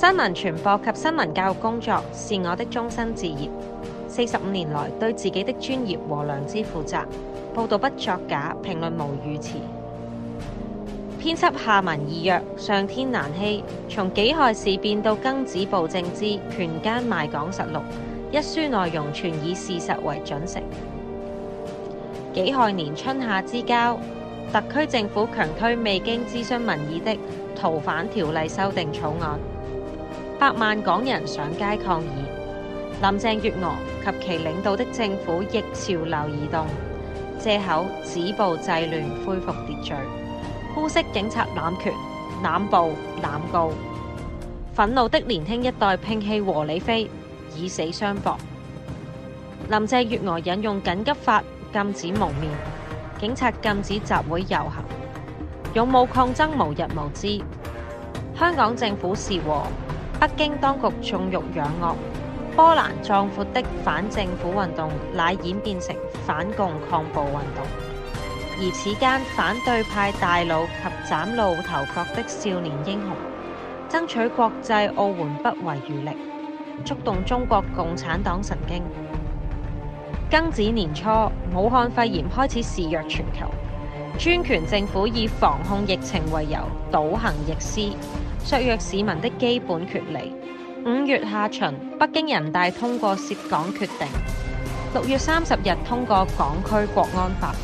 新聞傳播及新聞教育工作是我的終身志業。四十五年來，對自己的專業和良知負責，報道不作假，評論無語詞。編輯下文意約，上天難欺。從《己亥事變》到《庚子暴政》之《權奸賣港實錄》，一書內容全以事實為準繩。己亥年春夏之交，特區政府強推未經諮詢民意的《逃犯條例》修訂草案。百萬港人上街抗議，林鄭月娥及其領導的政府逆潮流而動，借口止暴制亂恢復秩序，污蔑警察濫權、濫暴、濫告。憤怒的年輕一代摒棄和理非，以死相搏。林鄭月娥引用緊急法禁止蒙面，警察禁止集會遊行，勇武抗爭無日無之。香港政府是和。北京當局縱欲養惡，波瀾壯闊的反政府運動乃演變成反共抗暴運動，而此間反對派大佬及斬露頭角的少年英雄，爭取國際奧援不遺餘力，觸動中國共產黨神經。庚子年初，武漢肺炎開始肆虐全球，專權政府以防控疫情為由，倒行逆施。削弱市民的基本權利。五月下旬，北京人大通過涉港決定；六月三十日通過港區國安法。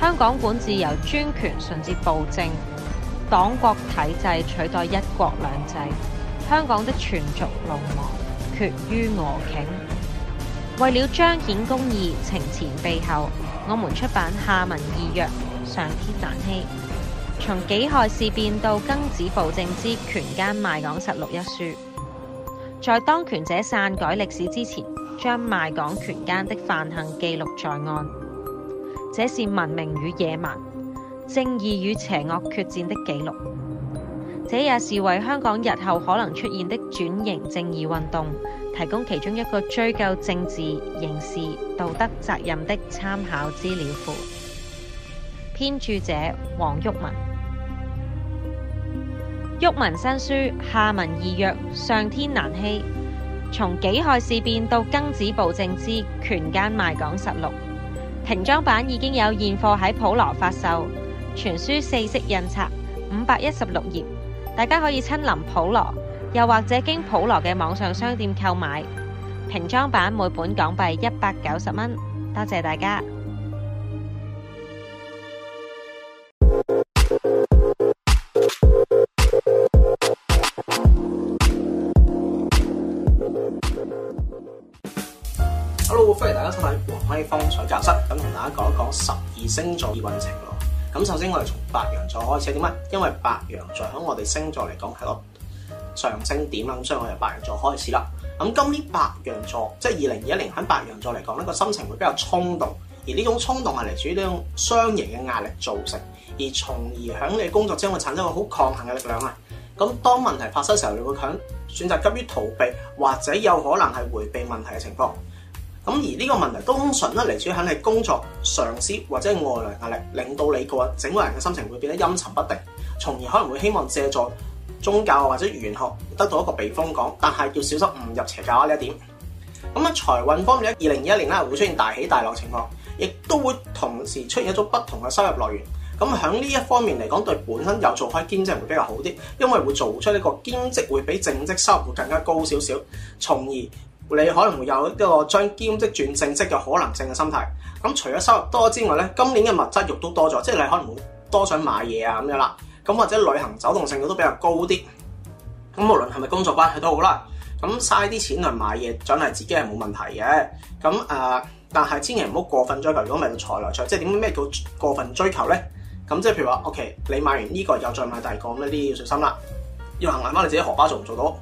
香港管治由專權順至暴政，黨國體制取代一國兩制。香港的全族龍亡，決於俄頃。為了彰顯公義，情前備後，我們出版下文異約，上天難欺。從己亥事變到庚子暴政之權奸賣港實錄一書，在當權者篡改歷史之前，將賣港權奸的犯行記錄在案，這是文明與野蠻、正義與邪惡決戰的記錄。這也是為香港日後可能出現的轉型正義運動提供其中一個追究政治、刑事、道德責任的參考資料庫。編著者：黃旭文。《郁文新書》，下民易虐，上天難欺。從己亥事變到庚子暴政之權奸賣港十六平裝版，已經有現貨喺普羅發售。全書四色印刷，五百一十六頁，大家可以親臨普羅，又或者經普羅嘅網上商店購買。平裝版每本港幣一百九十蚊。多謝大家。大家收睇黃康禧風水教室，咁同大家講一講十二星座嘅運程咯。咁首先我哋從白羊座開始，點啊？因為白羊座喺我哋星座嚟講係個上升點啦，咁所以我由白羊座開始啦。咁今年白羊座，即係二零二一年喺白羊座嚟講咧，個心情會比較衝動，而呢種衝動係嚟自呢種雙贏嘅壓力造成，而從而響你的工作將會產生一個好抗衡嘅力量啊。咁當問題發生嘅時候，你會響選擇急於逃避，或者有可能係回避問題嘅情況。咁而呢個問題都通常咧嚟主喺你工作上司或者外來壓力，令到你個整個人嘅心情會變得陰沉不定，從而可能會希望借助宗教或者玄學得到一個避風港，但係要小心唔入邪教呢一點。咁啊，財運方面咧，二零二一年咧會出現大起大落情況，亦都會同時出現一種不同嘅收入來源。咁喺呢一方面嚟講，對本身有做開兼職會比較好啲，因為會做出呢個兼職會比正職收入會更加高少少，從而，你可能會有一個將兼職轉正職嘅可能性嘅心態。咁除咗收入多之外咧，今年嘅物質慾都多咗，即係你可能會多想買嘢啊咁樣啦。咁或者旅行走動性都比較高啲。咁無論係咪工作關係都好啦。咁嘥啲錢去買嘢，獎勵自己係冇問題嘅。咁啊、呃，但係千祈唔好過分追求。如果唔到財來財，即係點咩叫過分追求咧？咁即係譬如話，O K，你買完呢個又再買第二個，呢啲要小心啦。要衡量翻你自己荷包做唔做到？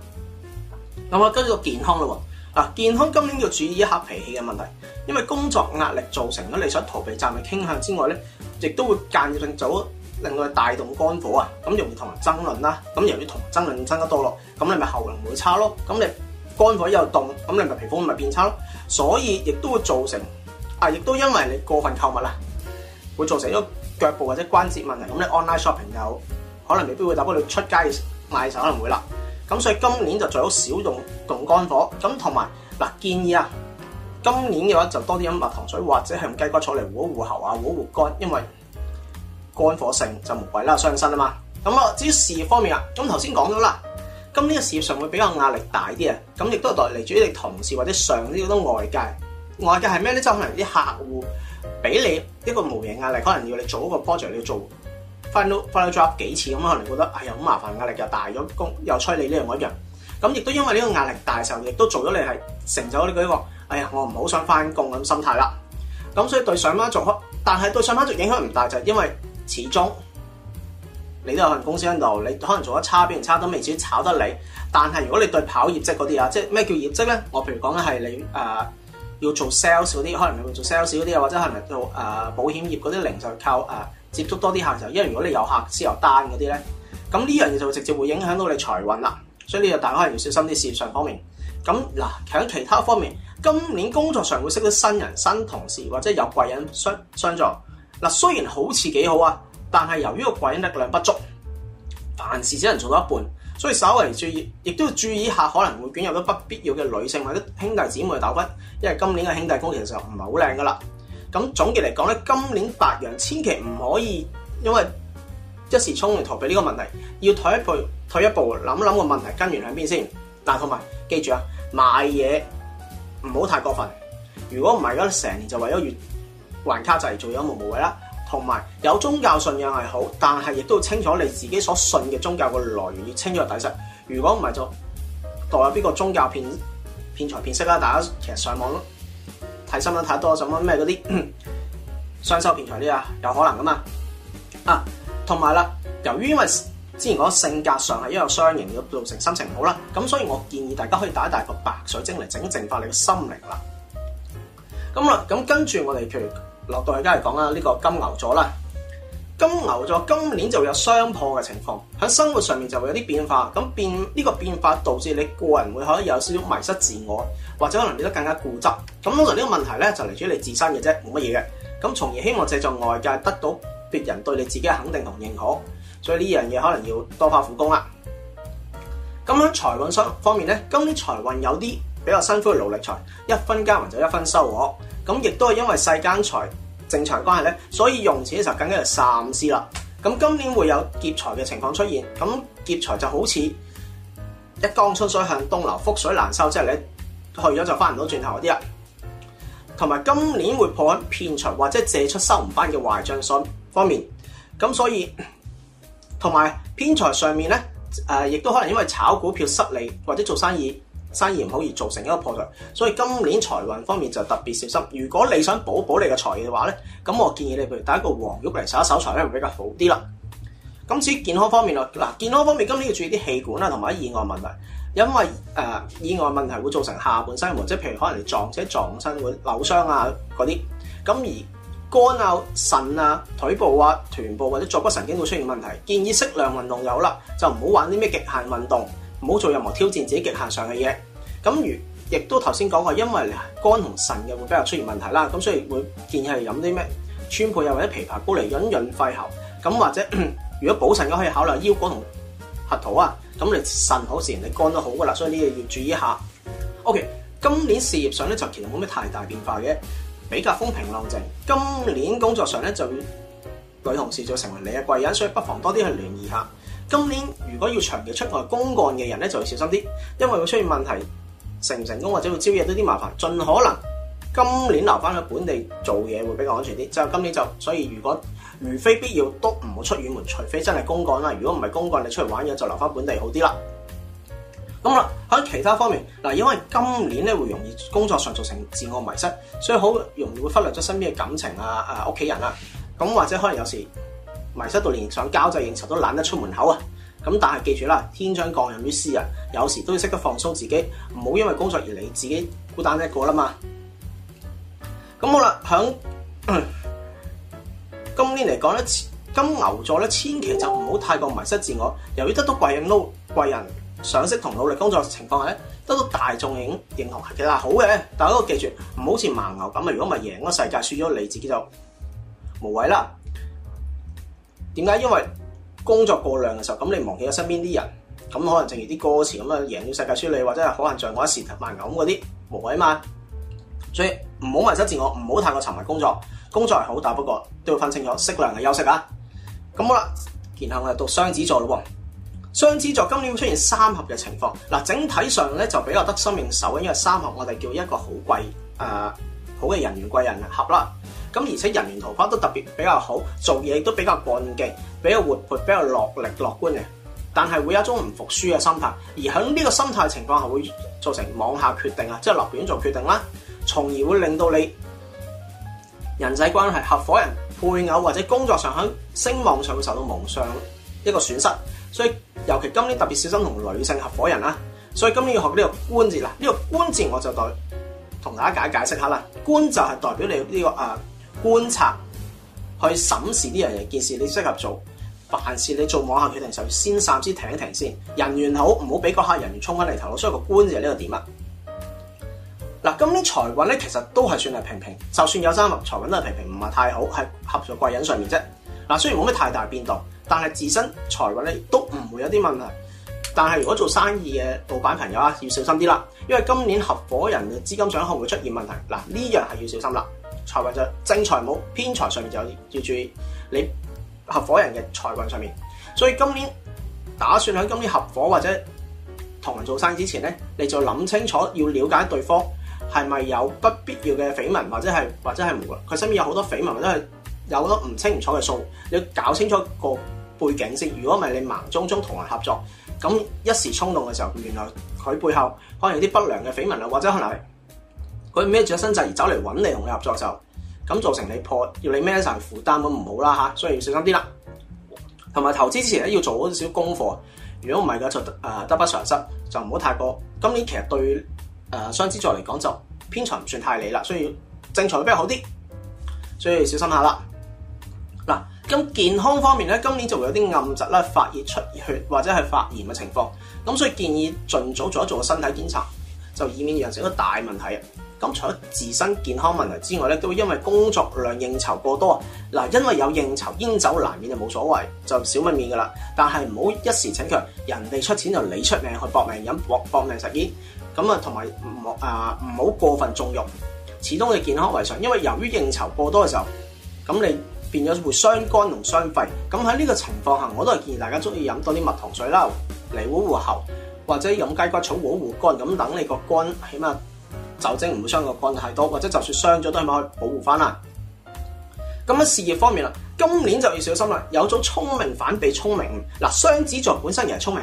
咁啊，跟住個健康嘞。嗱，健康今年要注意一下脾氣嘅問題，因為工作壓力造成咗你想逃避責任傾向之外咧，亦都會間接性做，令到帶動肝火啊，咁容易同人爭論啦，咁由於同人爭論爭得多咯，咁你咪喉嚨會差咯，咁你肝火又動，咁你咪皮膚咪變差咯，所以亦都會造成，啊，亦都因為你過份購物啦，會造成一個腳部或者關節問題，咁你 online shopping 有可能未必會，但係你出街時買就可能會啦。咁所以今年就最好少用動肝火，咁同埋嗱，建議啊，今年嘅話就多啲飲蜜糖水或者係用雞骨草嚟護一護喉啊，護一護肝，因為肝火盛就無謂啦，傷身啊嘛。咁啊至於事業方面啊，咁頭先講咗啦，今年嘅事業上會比較壓力大啲啊，咁亦都係嚟嚟主要係同事或者上啲好多外界，外界係咩咧？即係可能啲客戶俾你一個無形壓力，可能要你做一個 project 要做。翻到 job 幾次咁，可能覺得係呀好麻煩，壓力又大咗，工又催你呢樣嗰樣。咁亦都因為呢個壓力大嘅時候，亦都做咗你係成就呢個一個。哎呀，我唔好想翻工咁心態啦。咁所以對上班族，但係對上班族影響唔大，就係因為始終你都有份公司喺度，你可能做得差，比人差都未至於炒得你。但係如果你對跑業績嗰啲啊，即係咩叫業績咧？我譬如講係你、呃、要做 sales 嗰啲，可能你會做 sales 嗰啲，或者係可能做、呃、保險業嗰啲，零就靠、呃接觸多啲客就，因為如果你有客先有單嗰啲咧，咁呢樣嘢就會直接會影響到你財運啦。所以呢個大家可能要小心啲事業上方面。咁嗱，喺其他方面，今年工作上會識得新人、新同事或者有貴人相相助。嗱，雖然好似幾好啊，但係由於個貴人力量不足，凡事只能做到一半。所以稍為注意，亦都要注意下，可能會捲入到不必要嘅女性或者兄弟姊妹嘅糾紛，因為今年嘅兄弟宮其實就唔係好靚噶啦。咁總結嚟講咧，今年白羊千祈唔可以，因為一時衝嚟逃避呢個問題，要退一步，退一步諗諗個問題根源喺邊先。嗱，同埋記住啊，買嘢唔好太過分。如果唔係，咁成年就為咗月還卡就係做有無無謂啦。同埋有宗教信仰係好，但係亦都要清楚你自己所信嘅宗教個來源，要清楚底細。如果唔係就代入邊個宗教片騙，騙財騙色啦。大家其實上網，睇新聞睇多，就乜咩嗰啲雙收騙財啲啊，有可能㗎嘛。啊，同埋啦，由於因為之前講性格上係一個雙型而造成心情唔好啦，咁所以我建議大家可以打一大個白水晶嚟整淨化你個心靈啦、啊。咁啦，咁跟住我哋譬如落到而家嚟講啦，呢、呢個金牛座啦。金牛座今年就有相破嘅情況，喺生活上面就會有啲變化，咁變呢、呢個變化導致你個人會可以有少少迷失自我，或者可能變得更加固執。咁可能呢個問題咧就嚟自你自身嘅啫，冇乜嘢嘅。咁從而希望借助外界得到別人對你自己嘅肯定同認可，所以呢樣嘢可能要多花苦功啦。咁喺財運方方面咧，今年財運有啲比較辛苦嘅勞力財，一分耕耘就一分收穫，咁亦都係因為世間財。正常關係咧，所以用錢嘅時候，緊緊要三思啦。咁今年會有劫財嘅情況出現，咁劫財就好似一江春水向東流，覆水難收，即係你去咗就翻唔到轉頭嗰啲喇。同埋今年會破喺騙財或者借出收唔翻嘅壞帳信方面，咁所以同埋偏財上面咧，誒、呃，亦都可能因為炒股票失利或者做生意。生意唔好而造成一個破財，所以今年財運方面就特別小心。如果你想補補你嘅財嘅話咧，咁我建議你譬如戴一個黃玉嚟手一手財咧，會比較好啲啦。咁至於健康方面啊，嗱健康方面今年要注意啲氣管啊，同埋意外問題，因為誒、呃、意外問題會造成下半身或者譬如可能你撞車撞親會扭傷啊嗰啲。咁而肝啊、腎啊、腿部啊、臀部、臀部或者坐骨神經會出現問題，建議適量運動又好啦，就唔好玩啲咩極限運動。唔好做任何挑戰自己極限上嘅嘢。咁如亦都頭先講過，因為肝同腎嘅會比較出現問題啦，咁所以會建議係飲啲咩川貝啊或者枇杷膏嚟潤潤肺喉。咁或者如果補腎嘅可以考慮腰果同核桃啊。咁你腎好自然你肝都好噶啦，所以你哋要注意一下。OK，今年事業上咧就其實冇咩太大變化嘅，比較風平浪靜。今年工作上咧就女同事就成為你嘅貴人，所以不妨多啲去聯誼下。今年如果要長期出外公幹嘅人咧，就要小心啲，因為會出現問題，成唔成功或者會招惹到啲麻煩。盡可能今年留翻去本地做嘢會比較安全啲。就今年就所以，如果如非必要都唔好出遠門，除非真係公幹啦。如果唔係公幹，你出去玩嘢就留翻本地好啲啦。咁啦，喺其他方面，嗱，因為今年咧會容易工作上造成自我迷失，所以好容易會忽略咗身邊嘅感情啊啊，屋企人啊。咁或者可能有時。迷失到連想交際應酬都懶得出門口啊！咁但係記住啦，天將降任於斯人，有時都要識得放鬆自己，唔好因為工作而令自己孤單一個啦嘛。咁好啦，響 今年嚟講咧，金牛座咧千祈就唔好太過迷失自我。由於得到貴人撈貴人賞識同努力工作情況下咧，得到大眾認認同係幾大好嘅。大家都記記住，唔好似盲牛咁啊！如果唔係贏個世界，輸咗你自己就無謂啦。點解？因為工作過量嘅時候，咁你忘記咗身邊啲人，咁可能淨係啲歌詞咁啊，贏咗世界輸你，或者係可能像我一時萬牛咁嗰啲無謂啊嘛。所以唔好迷失自我，唔好太過沉迷工作。工作係好，但不過都要分清楚，適量嘅休息啊。咁好啦，然後我哋讀雙子座咯。雙子座今年會出現三合嘅情況。嗱，整體上咧就比較得心應手，因為三合我哋叫一個好貴誒、呃，好嘅人緣貴人的合啦。咁而且人緣桃花都特別比較好，做嘢都比較幹勁，比較活潑，比較落力、樂觀嘅。但係會有一種唔服輸嘅心態，而喺呢個心態情況下會造成妄下決定啊，即係立亂做決定啦，從而會令到你人際關係、合伙人、配偶或者工作上喺聲望上會受到蒙上一個損失。所以尤其今年特別小心同女性合伙人啦。所以今年要學呢個官字啦，呢、這個官字我就代同大家解解釋下啦。官就係代表你呢、這個啊。呃觀察去審視呢樣嘢件事，你適合做凡事你做網下決定嘅時候，先三先停一停先。人緣好唔好俾個客人員沖緊你頭腦，所以這個觀就係呢個點啊。嗱，今年財運咧其實都係算係平平，就算有三合財運都係平平，唔係太好，係合在貴人上面啫。嗱，雖然冇咩太大變動，但係自身財運咧亦都唔會有啲問題。但係如果做生意嘅老闆朋友啊，要小心啲啦，因為今年合伙人嘅資金掌控會，會出現問題。嗱，呢樣係要小心啦。財運就正財冇偏財上面就有啲要注意，你合伙人嘅財運上面，所以今年打算喺今年合伙或者同人做生意之前咧，你就諗清楚，要了解對方係咪有不必要嘅緋聞，或者係或者係冇啦。佢身邊有好多緋聞，或者係有好多唔清唔楚嘅數，你要搞清楚個背景先。如果唔係你盲中中同人合作，咁一時衝動嘅時候，原來佢背後可能有啲不良嘅緋聞，啊，或者可能。佢孭住一身債而走嚟揾你同你合作，就咁造成你破，要你孭晒負擔，咁唔好啦吓，所以要小心啲啦。同埋投資之前咧，要做好少少功課，如果唔係嘅就得不償失，就唔好太過。今年其實對誒雙子座嚟講就偏財唔算太理啦，所以正財比較好啲，所以要小心下啦。嗱，咁健康方面咧，今年就會有啲暗疾啦，發熱出血或者係發炎嘅情況，咁所以建議盡早做一做身體檢查，就以免造成一個大問題啊。咁除咗自身健康問題之外咧，都因為工作量應酬過多，嗱，因為有應酬，煙酒難免就冇所謂，就少咪面㗎啦。但係唔好一時逞強，人哋出錢就你出命去搏命飲、搏搏命食煙。咁啊，同埋唔啊唔好過分縱慾，始終嘅健康為上。因為由於應酬過多嘅時候，咁你變咗會傷肝同傷肺。咁喺呢個情況下，我都係建議大家鍾意飲多啲蜜糖水啦，嚟護護喉，或者飲雞骨草護護肝，咁等你個肝起碼。酒精唔會傷個肝太多，或者就算傷咗，都起碼可以保護翻啦。咁喺事業方面啦，今年就要小心啦。有種聰明反被聰明，嗱，雙子座本身又係聰明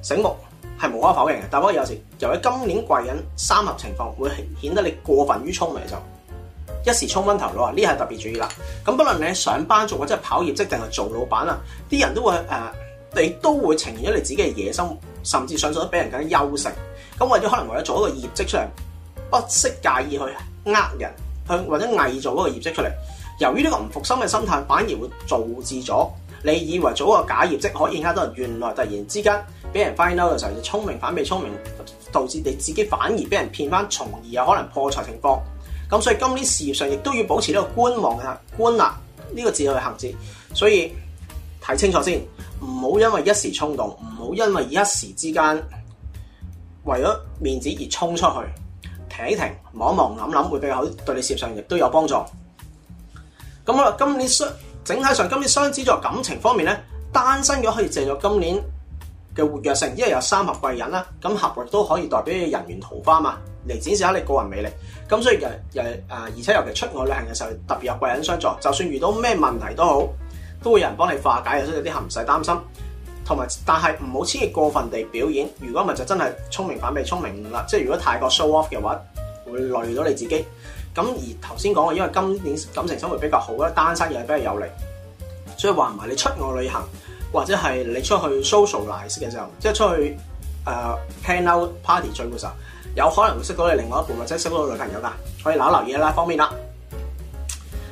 醒目，係無可否認嘅。但不過有時由於今年貴人三合情況，會顯得你過分於聰明，就一時衝昏頭腦啊。呢係特別注意啦。咁不論你喺上班族，或者跑業績，定係做老闆啊，啲人都會誒、呃，你都會呈現咗你自己嘅野心，甚至上到咗俾人更加優勝。咁為咗可能為咗做一個業績上。不識介意去呃人，去或者偽造嗰個業績出嚟。由於呢個唔服心嘅心態，反而會導致咗你以為做一個假業績可以呃得人，原來突然之間俾人 find out 嘅時候，就聰明反被聰明，導致你自己反而俾人騙翻，從而有可能破財情況。咁所以今年事業上亦都要保持呢個觀望啊，觀啊呢個字去行字，所以睇清楚先，唔好因為一時衝動，唔好因為一時之間為咗面子而衝出去。企停，停，睇，望一望，諗諗，會比較好，對你事業上亦都有幫助。咁好啦，今年雙整體上今年雙子座感情方面咧，單身咗可以借助今年嘅活躍性，因為有三合貴人啦，咁合運都可以代表人緣桃花嘛，嚟展示下你個人魅力。咁所以又又啊，而且尤其出外旅行嘅時候，特別有貴人相助，就算遇到咩問題都好，都會有人幫你化解，所以有啲係唔使擔心。同埋，但係唔好千於過分地表演，如果唔係就真係聰明反被聰明誤啦。即係如果太過 show off 嘅話，會累到你自己。咁而頭先講嘅，因為今年感情生活比較好啦，單身嘢比較有利，所以話唔埋你出外旅行或者係你出去 socialize 嘅時候，即係出去誒 hang out party 聚嘅時候，有可能會識到你另外一半，或者識到女朋友㗎，可以留意吓啦，方便啦。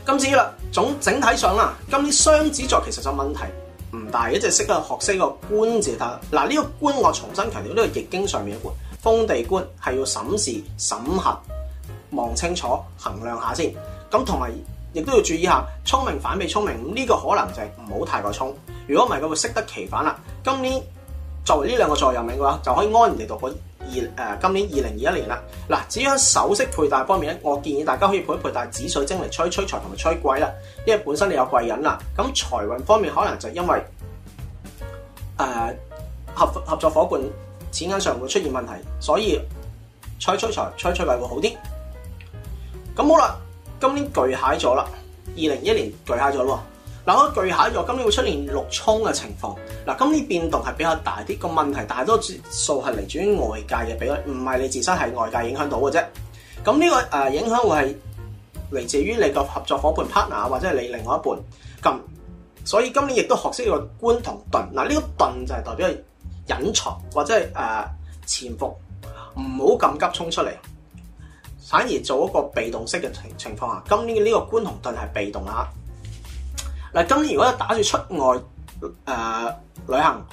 今次啦，總整體上啦，今年雙子座其實就問題唔大，一直識得學識個官字得。嗱、這、呢個官，我重新強調呢個易經上面嘅官，封地官係要審視、審核、望清楚、衡量下先。咁同埋亦都要注意下，聰明反被聰明。呢、這個可能就係唔好太過聰。如果唔係，佢會適得其反啦。今年作為呢兩個座運名嘅話，就可以安然地讀本。二誒今年二零二一年啦，嗱，至於喺首飾佩戴方面咧，我建議大家可以配佩戴紫水晶嚟催催財同埋催貴啦，因為本身你有貴人啦，咁財運方面可能就是因為誒、呃、合合作夥伴錢銀上會出現問題，所以催催財、催催貴會好啲。咁好啦，今年巨蟹座啦，二零二一年巨蟹座喎。嗱，巨蟹座今年會出現六沖嘅情況。嗱，今年變動係比較大啲，個問題大多數係嚟自於外界嘅，比較唔係你自身係外界影響到嘅啫。咁、誒、呢個影響會係嚟自於你個合作伙伴 partner 或者係你另外一半。咁所以今年亦都學識呢個觀同盾。嗱，呢個盾就係代表隱藏或者係誒潛伏，唔好咁急衝出嚟，反而做一個被動式嘅情情況下。今年嘅呢個觀同盾係被動啦嗱，今年如果打算出外誒、呃、旅行、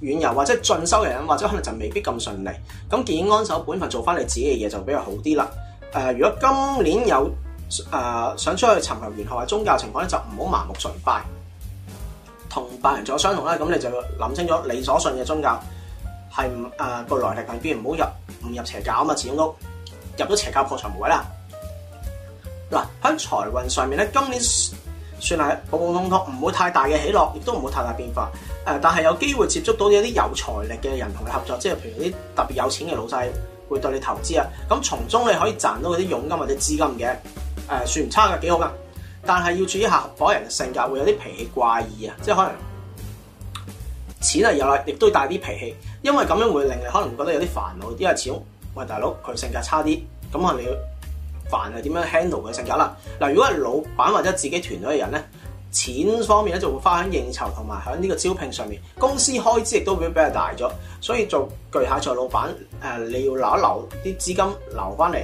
遠遊或者進修嘅人，或者可能就未必咁順利，咁建議安守本份，做翻你自己嘅嘢就比較好啲啦。誒、呃，如果今年有誒、呃、想出去尋求玄學嘅宗教情況咧，就唔好盲目崇拜。同拜人像相同啦，咁你就諗清楚你所信嘅宗教係誒個來歷憑據，唔好入唔入邪教啊嘛，始終都入咗邪教破財無位啦。嗱、呃，喺財運上面咧，今年，算係普普通通，唔會太大嘅起落，亦都唔會太大變化。誒，但係有機會接觸到一啲有財力嘅人同你合作，即係譬如啲特別有錢嘅老細會對你投資啊。咁從中你可以賺到嗰啲佣金或者資金嘅，誒、呃、算唔差嘅，幾好噶。但係要注意一下合伙人嘅性格，會有啲脾氣怪異啊，即係可能錢係有啦，亦都要帶啲脾氣，因為咁樣會令你可能覺得有啲煩惱，因為始終喂大佬佢性格差啲，咁我你要。凡係點樣 handle 佢性格啦？嗱，如果係老闆或者自己團隊嘅人咧，錢方面咧就會花喺應酬同埋喺呢個招聘上面，公司開支亦都會比較大咗。所以做巨蟹座老闆誒，你要留一留啲資金留翻嚟，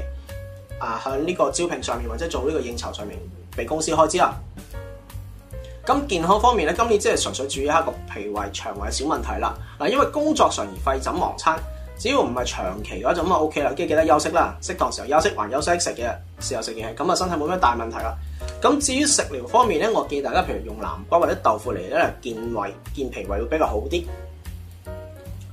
啊，喺呢個招聘上面或者做呢個應酬上面，俾公司開支啦。咁健康方面咧，今年即係純粹注意下個脾胃腸胃的小問題啦。嗱，因為工作上而廢寢忘餐。只要唔係長期嘅話就可以了，就咁啊 O K 啦。跟住記得休息啦，適當時候休息，還休息食嘅時候食嘢咁啊，身體冇咩大問題啦。咁至於食療方面咧，我建議大家，譬如用南瓜或者豆腐嚟咧健胃健脾胃，會比較好啲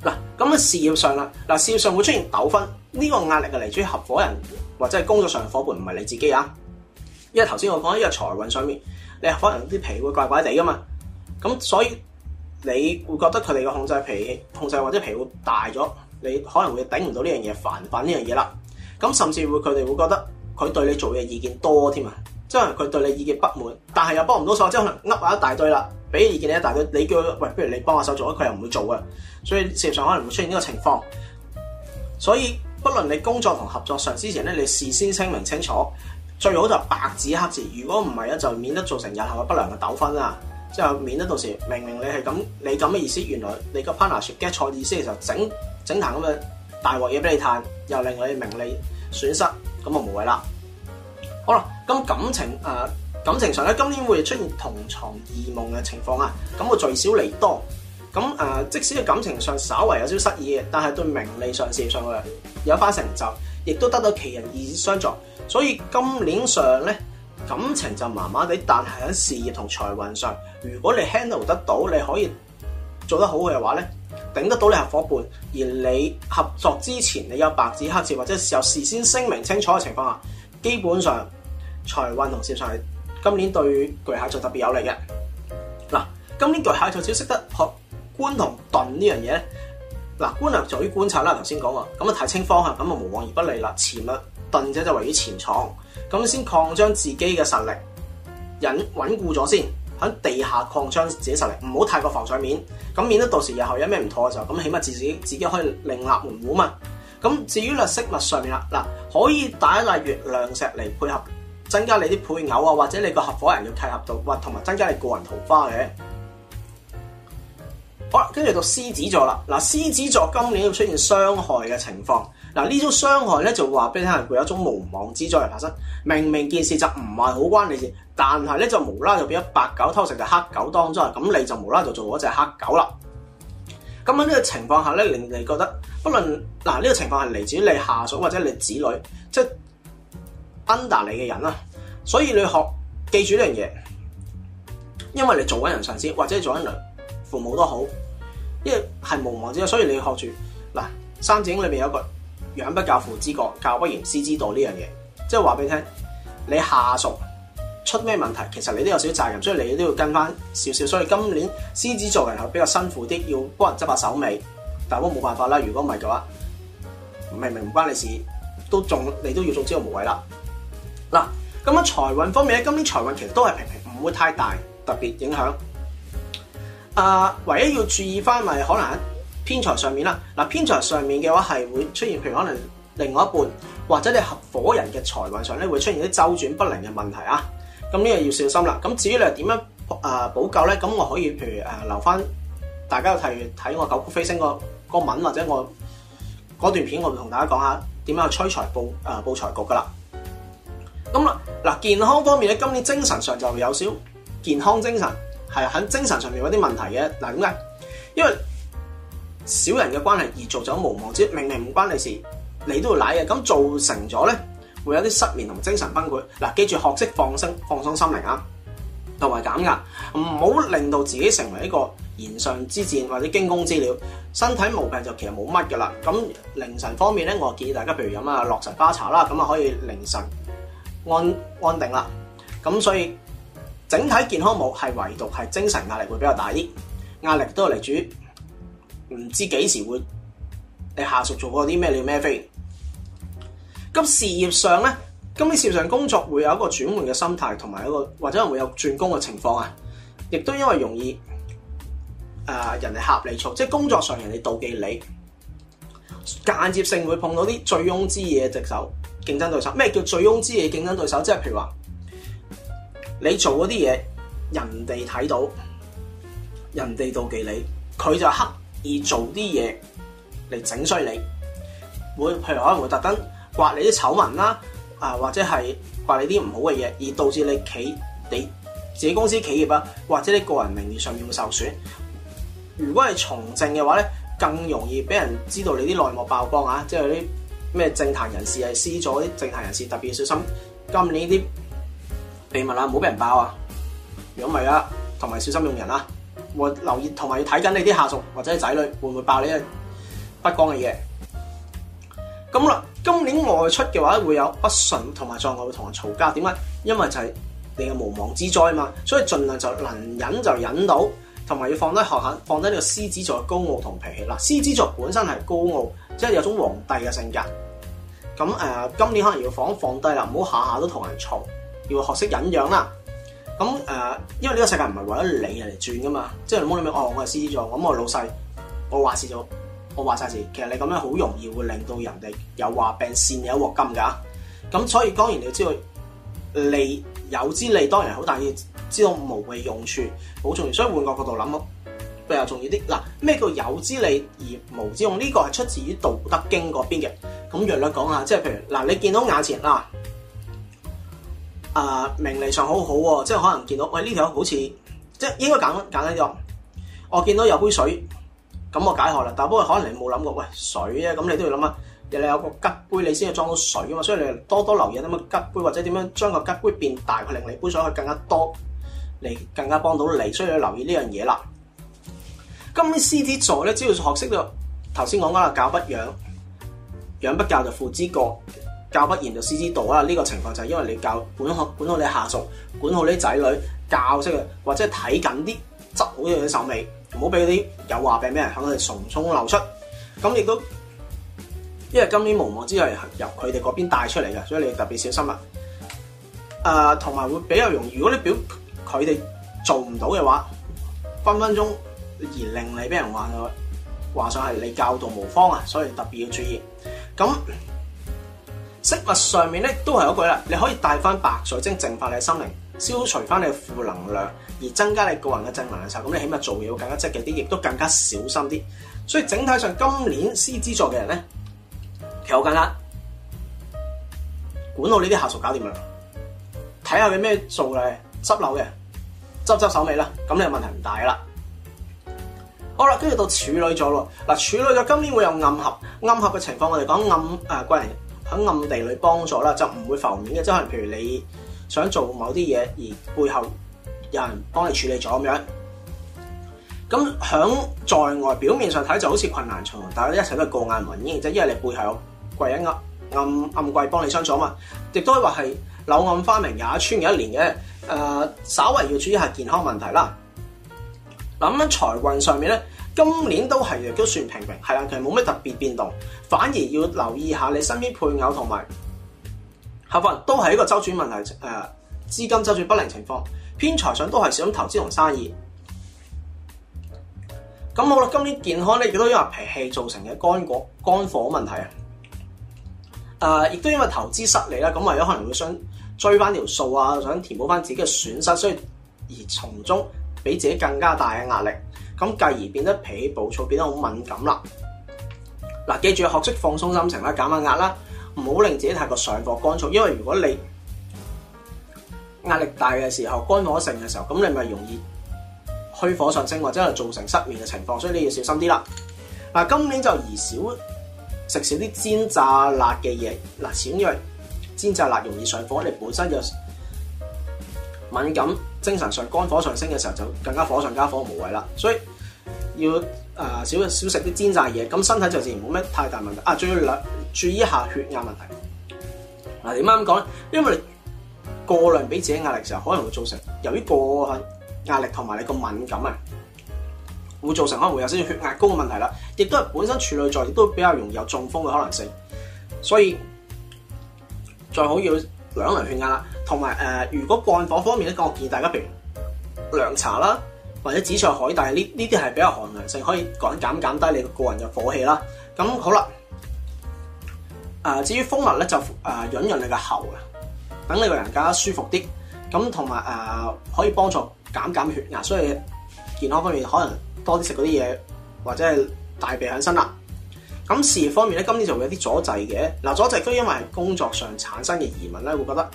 嗱。咁啊事業上啦，嗱事業上會出現糾紛呢，這個壓力，係嚟自於合伙人或者係工作上嘅夥伴，唔係你自己啊。因為頭先我講，呢個財運上面你可能啲脾會有怪怪地噶嘛，咁所以你會覺得佢哋嘅控制脾控制或者脾會大咗。你可能會頂唔到呢樣嘢煩，煩呢樣嘢啦，咁甚至會佢哋會覺得佢對你做嘅意見多添啊，即係佢對你意見不滿，但係又幫唔到手，即係可能噏下一大堆啦，俾意見你一大堆，你叫佢，喂不如你幫下手做，佢又唔會做嘅，所以事實上可能會出現呢個情況。所以，不論你工作同合作上，之前咧，你事先聲明清楚，最好就白紙黑字，如果唔係咧，就免得造成日後嘅不良嘅糾紛啦。即係免得到時，明明你係咁，你咁嘅意思，原來你個 partner get 錯意思嘅時候，整整壇咁嘅大鑊嘢俾你嘆，又令你名利損失，咁就無謂啦。好啦，咁感情啊、呃、感情上咧，今年會出現同床異夢嘅情況啊，咁我聚少離多。咁、呃、即使嘅感情上稍為有少失意，但係對名利上事業上嘅有返成就，亦都得到奇人異士相助，所以今年上咧。感情就麻麻地，但係喺事業同財運上，如果你 handle 得到，你可以做得好嘅話咧，頂得到你合伙伴。而你合作之前，你有白紙黑字或者是有事先聲明清楚嘅情況下，基本上財運同事業係今年對巨蟹座特別有利嘅。嗱，今年巨蟹座只識得學觀同盾呢樣嘢咧。嗱，觀就在於觀察啦，頭先講話咁啊，睇清方向咁啊，無往而不利啦。潛啦。盾者就位於前廠，咁先擴張自己嘅實力，引穩固咗先，喺地下擴張自己實力，唔好太過防水面，咁免得到時日後有咩唔妥嘅時候，咁起碼自己自己可以另立門戶嘛。咁至於綠色物上面啦，嗱可以打一粒月亮石嚟配合，增加你啲配偶啊，或者你個合伙人要契合到，或同埋增加你個人桃花嘅。好，跟住到獅子座啦。嗱，獅子座今年會出現傷害嘅情況。嗱，呢種傷害咧就話俾你聽，會有一種無妄之災嘅發生。明明件事就唔係好關你事，但係咧就無啦就變咗白狗偷食隻黑狗當災。咁你就無啦就做嗰隻黑狗啦。咁喺呢、這個情況下咧，你你覺得不論嗱呢個情況係嚟自於你下屬或者你子女，即係 under 你嘅人啦。所以你學記住呢樣嘢，因為你做緊人上司，或者你做緊女。父母都好，因為係無妄之災，所以你要學住嗱《三字經》裏面有一句：養不教，父之過，教不嚴師之道呢樣嘢，即係話俾你聽。你下屬出咩問題，其實你都有少少責任，所以你都要跟翻少少。所以今年獅子做人係比較辛苦啲，要幫人執下手尾，但係都冇辦法啦。如果唔係嘅話，明明唔關你事，都仲你都要做呢個無謂啦。嗱，咁樣財運方面咧，今年財運其實都係平平，唔會太大特別影響。啊、呃，唯一要注意翻咪可能喺偏財上面啦。嗱，偏財上面嘅話係會出現，譬如可能另外一半或者你合伙人嘅財運上咧會出現啲周轉不靈嘅問題啊。咁呢個要小心啦。咁至於你係點樣誒補、呃、救咧，咁我可以譬如誒、呃、留翻，大家睇睇我九曲飛星個、那個文或者我嗰段片，我會同大家講下點樣去催財報誒、呃、報財局噶啦。咁啦嗱，健康方面咧，今年精神上就有少健康精神。係喺精神上面有啲問題嘅，嗱，咁嘅，因為小人嘅關係而做咗無妄之，明明唔關你事，你都要瀨嘅，咁造成咗咧會有啲失眠同精神崩潰，嗱，記住學識放鬆放鬆心靈啊，同埋減壓，唔好令到自己成為一個言上之戰或者驚弓之鳥。身體無病就其實冇乜噶啦，咁凌晨方面咧，我建議大家譬如飲啊洛神花茶啦，咁啊可以凌晨安安定啦，咁所以。整體健康冇，係唯獨係精神壓力會比較大啲，壓力都係嚟住，唔知幾時會你下屬做過啲咩，你要咩飛。咁事業上咧，今年事業上工作會有一個轉換嘅心態，同埋一個或者會有轉工嘅情況啊。亦都因為容易、呃、人哋合理錯，即係工作上人哋妒忌你，間接性會碰到啲醉翁之意嘅對手，競爭對手。咩叫醉翁之意嘅競爭對手？即係譬如話。你做嗰啲嘢，人哋睇到，人哋妒忌你，佢就刻意做啲嘢嚟整衰你。會譬如可能會特登挖你啲醜聞啦，啊或者係挖你啲唔好嘅嘢，而導致你企你自己公司企業啊，或者你個人名譽上面會受損。如果係從政嘅話咧，更容易俾人知道你啲內幕曝光啊，即係啲咩政壇人士係私咗啲政壇人士，特別小心。今年啲。秘密啊，唔好俾人爆啊！如果唔係啊，同埋小心用人啦，啊，我留意同埋要睇緊你啲下屬或者仔女會唔會爆你啲不光嘅嘢。咁啦，今年外出嘅話會有不順同埋在外會同人嘈交，點解？因為就係你嘅無妄之災啊嘛，所以盡量就能忍就忍到，同埋要放低下放低呢個獅子座嘅高傲同脾氣。嗱，獅子座本身係高傲，即係有種皇帝嘅性格。咁誒、呃，今年可能要放放低啦，唔好下下都同人嘈。要學識忍讓啦，咁誒、呃，因為呢個世界唔係為咗你人嚟轉噶嘛，即係唔好諗住哦，我係獅子座。咁我老細，我話事就我話晒事，其實你咁樣好容易會令到人哋又話病善有惡金噶，咁所以當然你要知道利有之利當然好，但要知道無為用處好重要，所以換個角度諗，我比較重要啲。嗱，咩叫有之利而無之用？呢、呢個係出自於《道德經那的》嗰邊嘅，咁略略講下，即係譬如嗱，你見到眼前嗱。啊、呃，名利上好好、哦、喎，即係可能見到喂呢條好似即係應該揀揀一樣。我見到有杯水，咁我解渴啦。但係不過可能你冇諗過，喂水啊，咁你都要諗啊，你有個吉杯你先至裝到水啊嘛。所以你多多留意呢個吉杯，或者點樣將個吉杯變大，令你杯水更加多，嚟更加幫到你。所以你留意呢樣嘢啦。今年獅子座咧，只要學識咗頭先講嗰個教不養，養不教就父之過。教不嚴就師之惰啊！呢、這個情況就係因為你教管好管好你下屬，管好你仔女，教識佢，或者睇緊啲執好佢嘅手尾，唔好俾啲有話柄俾人，肯定重重流出。咁亦都因為今年無望之後，由佢哋嗰邊帶出嚟嘅，所以你特別小心啦。誒、呃，同埋會比較容易。如果你表佢哋做唔到嘅話，分分鐘而令你俾人話，話上係你教導無方啊！所以特別要注意咁。飾物上面咧都係嗰句啦，你可以帶翻白水晶淨化你嘅心靈，消除翻你負能量，而增加你的個人嘅正能量。咁你起碼做嘢更加積極啲，亦都更加小心啲。所以整體上今年獅子座嘅人咧，其實好簡單，管好呢啲下屬搞掂佢，睇下佢咩做嘅執樓嘅執執手尾啦，咁你問題唔大啦。好啦，跟住到處女座咯嗱，處女座今年會有暗合暗合嘅情況，我哋講暗誒關係。.喺暗地裏幫助啦，就唔會浮面嘅。即係譬如你想做某啲嘢，而背後有人幫你處理咗咁樣。咁喺在，在外表面上睇就好似困難重重，但係一切都係過眼雲煙，即係因為你背後貴人暗暗暗貴幫你相助嘛。亦都可以話係柳暗花明又一村嘅一年嘅。誒、呃，稍微要注意下健康問題啦。咁樣財運上面咧。今年都係亦都算平平，係啊，其實冇咩特別變動，反而要留意下你身邊配偶同埋合夥人，都係一個周轉問題，誒、呃，資金周轉不靈情況。偏財上都係想投資同生意。咁好啦，今年健康咧，亦都因為脾氣造成嘅肝火肝火問題啊。誒、呃，亦都因為投資失利啦，咁我有可能會想追翻條數啊，想填補翻自己嘅損失，所以而從中俾自己更加大嘅壓力。咁繼而變得脾氣暴躁，變得好敏感啦。嗱，記住學識放鬆心情啦，減下壓啦，唔好令自己太過上火乾燥。因為如果你壓力大嘅時候，肝火盛嘅時候，咁你咪容易虛火上升，或者係造成失眠嘅情況，所以你要小心啲啦。嗱，今年就宜少食少啲煎炸辣嘅嘢。嗱，因為煎炸辣容易上火，你本身就敏感。精神上肝火上升嘅時候就更加火上加火無謂啦，所以要啊少少食啲煎炸嘢，咁身體就自然冇咩太大問題。啊，仲要注意一下血壓問題。嗱，點解咁講咧？因為你過量俾自己壓力嘅時候，可能會造成由於過份壓力同埋你個敏感啊，會造成可能會有少少血壓高嘅問題啦，亦都係本身處女座亦都比較容易有中風嘅可能性，所以最好要。涼涼血壓啦，同埋誒，如果降火方面咧，我建議大家譬如涼茶啦，或者紫菜海帶呢，呢啲係比較寒涼性，可以減減減低你個人嘅火氣啦。咁好啦，誒、呃，至於蜂蜜咧，就誒潤潤你個喉嘅，等你個人更加舒服啲。咁同埋誒，可以幫助減減血壓，所以健康方面可能多啲食嗰啲嘢，或者係大病喺身啦。咁事業方面咧，今年就會有啲阻滯嘅。嗱，阻滯都因為工作上產生嘅疑問咧，會覺得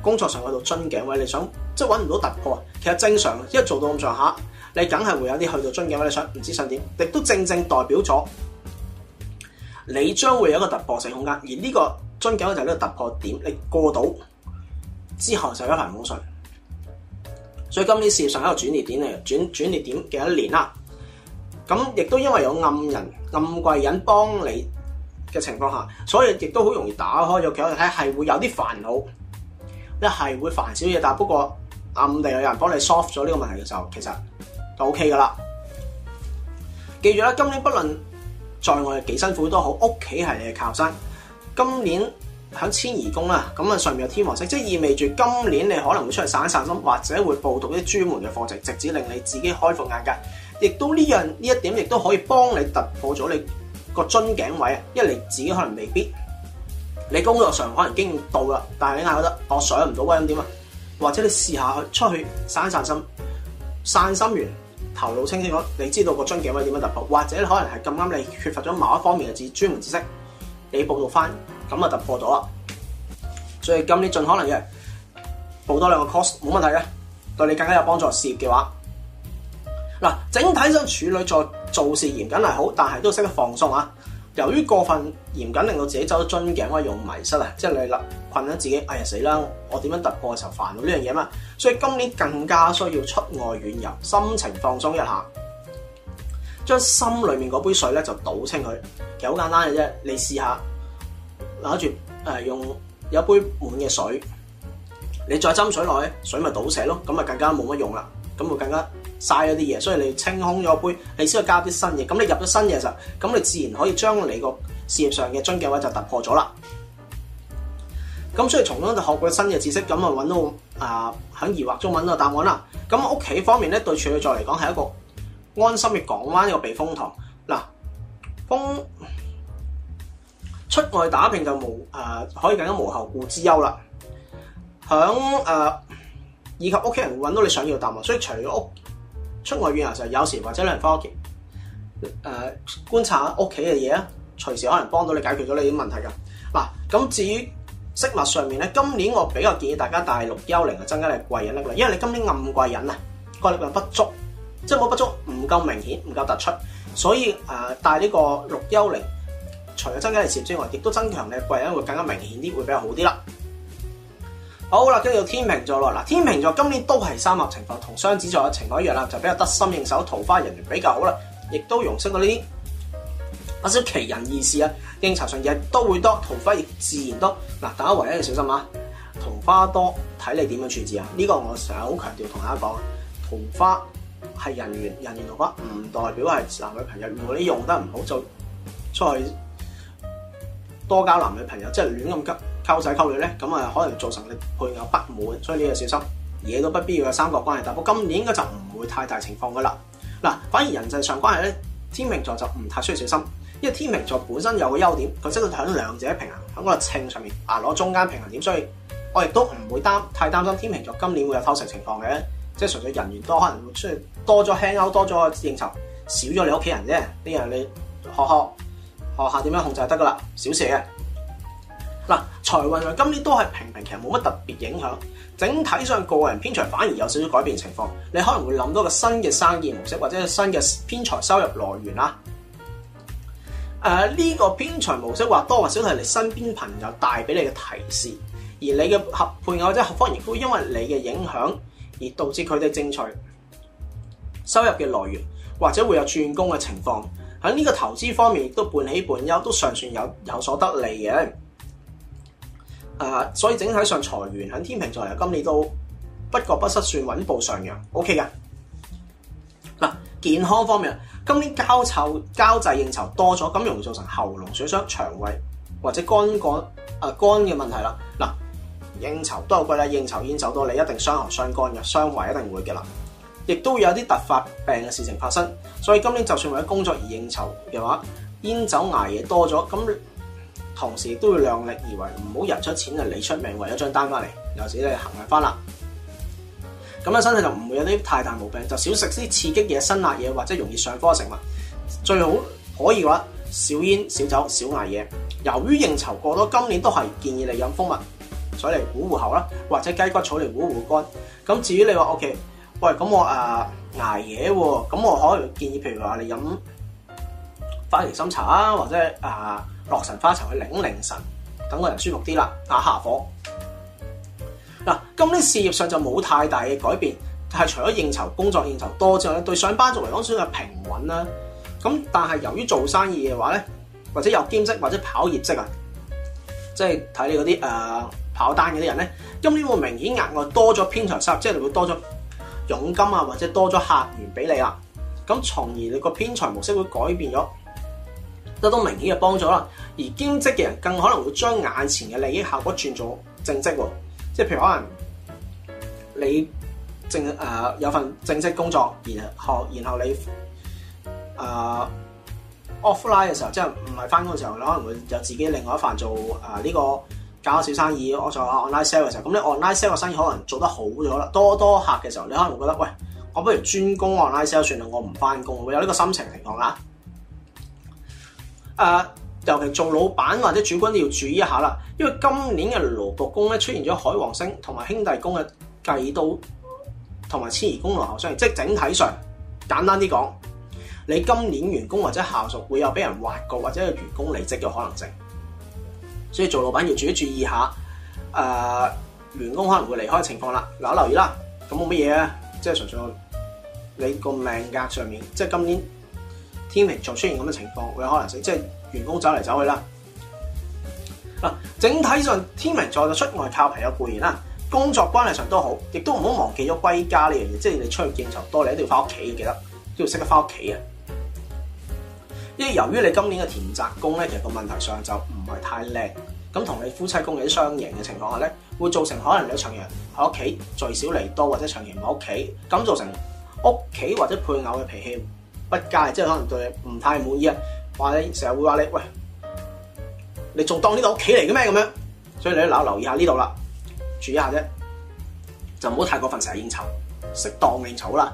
工作上去到樽頸位，你想即係揾唔到突破，其實正常。一做到咁上下，你梗係會有啲去到樽頸位，你想唔知想點，亦都正正代表咗你將會有一個突破性空間。而呢個樽頸位就係呢個突破點，你過到之後就一帆風順。所以今年事業上一個轉捩點咧，轉轉捩點嘅一年啦。咁亦都因為有暗人、暗貴人幫你嘅情況下，所以亦都好容易打開咗。其實睇係會有啲煩惱，一係會煩少嘢，但不過暗地有人幫你 soft 咗呢個問題嘅時候，其實就 OK 噶啦。記住啦，今年不論在外係幾辛苦都好，屋企係你嘅靠山。今年喺遷移宮啦，咁啊上面有天王星，即係意味住今年你可能會出去散一散心，或者會報讀啲專門嘅課程，直至令你自己開闊眼界。亦都呢樣呢一點，亦都可以幫你突破咗你個樽頸位啊！因為你自己可能未必，你工作上可能經到啦，但係你硬覺得我、哦、上唔到位咁點啊？或者你試下去出去散散心，散心完頭腦清清，你知道個樽頸位點樣突破？或者你可能係咁啱你缺乏咗某一方面嘅專專門知識，你報到翻咁就突破到啦。所以咁你盡可能嘅報多兩個 course 冇問題嘅，對你更加有幫助。事業嘅話，嗱，整體上處女座做事嚴謹係好，但係都識得放鬆啊！由於過分嚴謹，令到自己走樽頸可以用迷失啊，即係你啦困咗自己，哎呀死啦！我點樣突破嘅時候煩惱呢樣嘢嘛，所以今年更加需要出外遠遊，心情放鬆一下，將心裏面嗰杯水咧就倒清佢，其實好簡單嘅啫，你試下攞住誒用有一杯滿嘅水，你再斟水落去，水咪倒瀉咯，咁咪更加冇乜用啦。咁會更加曬咗啲嘢，所以你清空咗杯，你先要加啲新嘢。咁你入咗新嘢就，咁你自然可以將你個事業上嘅樽頸位就突破咗啦。咁所以從中就學過新嘅知識，咁啊搵到啊響疑惑中搵到答案啦。咁屋企方面咧，對處女座嚟講係一個安心嘅港灣，一個避風塘。嗱、啊，出外打拼就無誒、呃，可以更加無後顧之憂啦。響以及屋企人會揾到你想要答案，所以除屋出外，遠行就有時或者兩人返屋企，誒觀察下屋企嘅嘢啊，隨時可能幫到你解決咗呢啲問題噶。嗱，咁至於飾物上面咧，今年我比較建議大家帶綠幽靈嚟增加你貴人力量，因為你今年暗貴人啊，個力量不足，即係冇不足，唔夠明顯，唔夠突出，所以誒帶呢個綠幽靈，除咗增加你錢之外，亦都增強你嘅貴人會更加明顯啲，會比較好啲啦。好啦，跟住天秤座咯，嗱，天秤座今年都係三合情況，同雙子座嘅情況一樣啦，就比較得心應手，桃花人緣比較好啦，亦都容識到呢啲，阿少奇人異事啊，應酬上亦都會多，桃花亦自然多。嗱，大家唯一要小心啊，桃花多睇你點樣處置啊，呢、這個我成日好強調，同大家講，桃花係人緣，人緣桃花唔代表係男女朋友，如果你用得唔好，就出去多交男女朋友，即係亂咁急。溝仔溝女咧，咁啊可能造成你配偶不滿，所以你要小心，嘢都不必要有三角關係。但係我今年應該就唔會太大情況噶啦。嗱，反而人際上關係咧，天秤座就唔太需要小心，因為天秤座本身有個優點，佢真係喺兩者平衡，喺嗰個秤上面啊攞中間平衡點，所以我亦都唔會擔太擔心天秤座今年會有偷食情況嘅，即係純粹人緣多可能會出現多咗輕勾，多咗應酬，少咗你屋企人啫，呢樣你學學學下點樣控制就得噶啦，小事嘅！嗱，財運呀今年都係平平，其實冇乜特別影響。整體上個人偏財反而有少少改變情況，你可能會諗到個新嘅生意模式或者新嘅偏財收入來源啦。誒，呢個偏財模式或多或少係你身邊朋友帶俾你嘅提示，而你嘅合配偶或者合夥方亦都會因為你嘅影響而導致佢哋爭取收入嘅來源，或者會有轉工嘅情況。喺呢個投資方面亦都半喜半憂，都尚算有有所得利嘅。誒、啊，所以整體上財源喺天平座天秤座，今年都不過不失，算穩步上揚，OK 嘅。嗱、啊，健康方面，今年交酬交際應酬多咗，咁容易造成喉嚨損傷、腸胃或者肝肝誒肝嘅問題啦。嗱、啊，應酬都好貴啦，應酬煙酒多，你一定傷喉傷肝嘅，傷胃一定會嘅啦。亦都會有啲突發病嘅事情發生，所以今年就算為咗工作而應酬嘅話，煙酒捱夜多咗，咁。同時都要量力而為，唔好人出錢就你出命，為咗張單翻嚟，又是你行運翻啦。咁啊，身體就唔會有啲太大毛病，就少食啲刺激嘢、辛辣嘢或者容易上火嘅食物。最好可以話少煙、少酒、少捱夜。由於應酬過多，今年都係建議你飲蜂蜜水嚟護護喉啦，或者雞骨草嚟護護肝。咁至於你話 OK，喂，咁我誒捱夜喎，咁、呃、我可以建議，譬如話你飲花旗參茶啊，或者誒。呃落神花茶去醒醒神，等個人舒服啲啦，打下火。嗱，咁呢事業上就冇太大嘅改變，係除咗應酬、工作應酬多之外，咧，對上班族嚟講算係平穩啦。咁但係由於做生意嘅話咧，或者有兼職或者跑業績啊，即係睇你嗰啲誒跑單嘅啲人咧，咁年會明顯額外多咗編裁收入，即係會多咗佣金啊，或者多咗客源俾你啦。咁從而你個編裁模式會改變咗。得到明顯嘅幫助啦，而兼職嘅人更可能會將眼前嘅利益效果轉做正職喎，即係譬如可能你正、呃、有份正職工作，然後然後你、呃、offline 嘅時候，即係唔係翻工嘅時候你可能會有自己另外一份做誒呢、呃這個搞小生意，我做 online sale 嘅時候，咁你 online sale 嘅生意可能做得好咗啦，多多客嘅時候，你可能會覺得喂，我不如專攻 online sale 算啦，我唔翻工，會有呢個心情情況啊？誒、uh，尤其做老闆或者主君都要注意一下啦，因為今年嘅奴僕宮咧出現咗海王星同埋兄弟宮嘅計都，同埋遷移宮羅睺星，即係整體上簡單啲講，你今年員工或者下屬會有俾人挖角或者員工離職嘅可能性，所以做老闆要注注意一下，誒、呃、員工可能會離開嘅情況啦，留一留意啦，咁冇乜嘢，即係純粹你個命格上面，即係今年。天秤座出現咁嘅情況，會有可能性即係員工走嚟走去啦。嗱，整體上天秤座就出外靠朋友伴隨啦，工作關係上都好，亦都唔好忘記咗歸家呢樣嘢，即係你出去應酬多，你一定要翻屋企嘅，記得都要識得翻屋企啊！因為由於你今年嘅田宅工咧，其實個問題上就唔係太靚，咁同你夫妻工有啲相形嘅情況下咧，會造成可能你長期喺屋企聚少離多，或者長期唔喺屋企，咁造成屋企或者配偶嘅脾氣。不佳，即係可能對你唔太滿意啊！話你成日會話你喂，你仲當呢度屋企嚟嘅咩咁樣？所以你都留留意下呢度啦，注意下啫，就唔好太過分成日應酬，適當應酬好啦。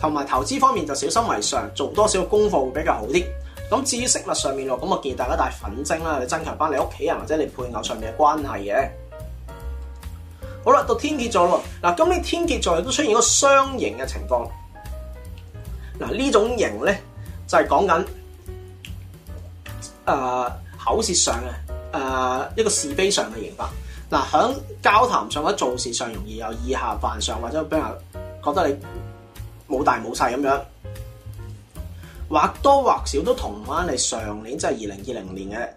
同埋投資方面就小心為上，做多少功課會比較好啲。咁至於飾物上面，咁我建議大家帶粉晶啦，你增強翻你屋企人或者你配偶上面嘅關係嘅。好啦，到天蠍座啦，嗱，今年天蠍座亦都出現咗雙影嘅情況。嗱，呢種型咧，就係講緊誒口舌上嘅誒、呃、一個是非上嘅型法。嗱、呃、喺交談上或者做事上容易有以下犯上，或者俾人覺得你冇大冇細咁樣，或多或少都同翻你上年即係二零二零年嘅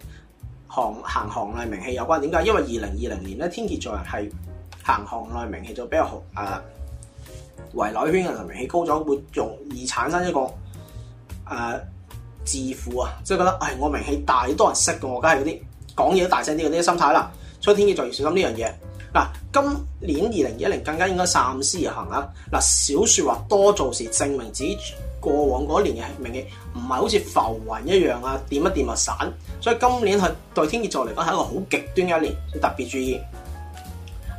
行，行行行內名氣有關。點解？因為二零二零年咧，天蠍座人係行行內名氣就比較好誒。啊圍內圈嘅人名氣高咗，會容易產生一個誒自負啊，即係覺得誒、哎、我名氣大，多人識嘅，我梗係嗰啲講嘢都大聲啲嗰啲心態啦。所以天蠍座要小心呢樣嘢。嗱、啊，今年二零二一更加應該三思而行啊。嗱，少說話多做事，證明自己過往嗰年嘅名氣唔係好似浮雲一樣啊，掂一掂就散。所以今年係對天蝎座嚟講係一個好極端嘅一年，要特別注意。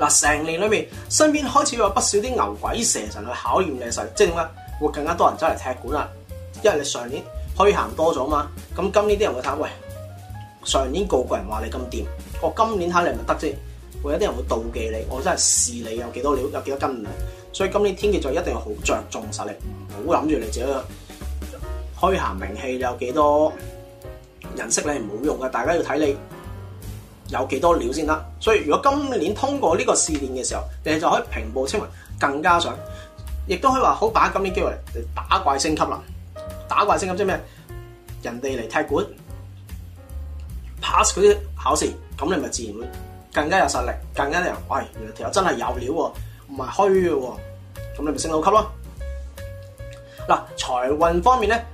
嗱，成年裏面身邊開始有不少啲牛鬼蛇神去考驗你嘅實力，即係點咧？會更加多人走嚟踢館啦，因為你上年虛行多咗嘛，咁今年啲人會睇，喂，上年個個人話你咁掂，我今年睇你係咪得啫？會有啲人會妒忌你，我真係試你有幾多料，有幾多斤糧。所以今年天蠍座就一定要好着重實力，唔好諗住你自己虛行名氣有幾多人識你係冇用噶，大家要睇你。有幾多料先得，所以如果今年通過呢個試驗嘅時候，你就可以平步青雲，更加想，亦都可以話好把握今年機會嚟打怪升級啦。打怪升級即係咩？人哋嚟踢館 pass 佢啲考試，咁你咪自然會更加有實力，更加又，喂，原來條友真係有料喎，唔係虛嘅喎，咁你咪升到級咯。嗱，財運方面咧，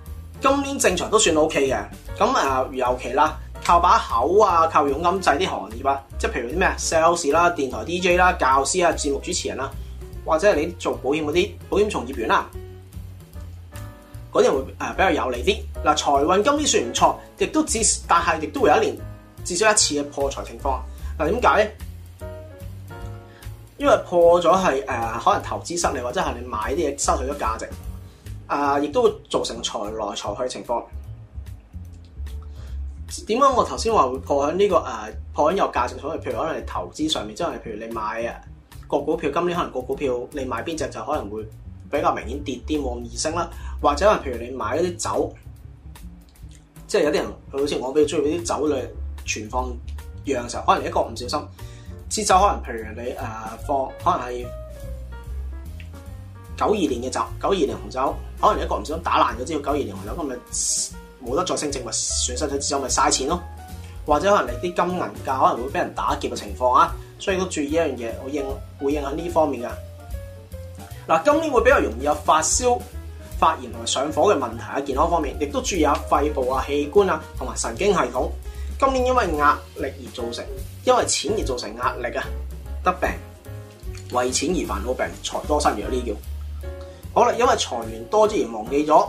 今年正常都算 O K 嘅，咁、呃、啊尤其啦。靠把口啊，靠佣金制啲行業啊，即係譬如啲咩 sales 啦、電台 DJ 啦、教師啊、節目主持人啦，或者係你做保險嗰啲保險從業員啦，嗰啲人會比較有利啲。嗱，財運今年算唔錯，亦都只，但係亦都會有一年至少一次嘅破財情況。嗱，點解？因為破咗係、呃、可能投資失利或者係你買啲嘢失去咗價值，啊、呃，亦都會造成財來財去嘅情況。點解我頭先話會破喺呢、這個誒、啊、破喺有價值？所以譬如可能你投資上面，即係譬如你買個股票，今年可能個股票你買邊隻就可能會比較明顯跌啲，冇咁易升啦。或者可能譬如你買一啲酒，即係有啲人好似我比較鍾意嗰啲酒類存放樣嘅時候、呃，可能一個唔小心，支酒可能譬如你誒放可能係九二年嘅酒，九二年紅酒，可能一個唔小心打爛咗之後，九二年紅酒咁咪。冇得再生植物，損失咗之後咪嘥錢咯，或者可能你啲金銀價可能會俾人打劫嘅情況啊，所以都注意一樣嘢，會影響呢方面嘅。嗱，今年會比較容易有發燒、發炎同埋上火嘅問題啊，健康方面亦都注意下肺部啊、器官啊同埋神經系統。今年因為壓力而造成，因為錢而造成壓力啊，得病為錢而煩到病，財多身弱呢啲叫。好啦，因為財源多，自然忘記咗。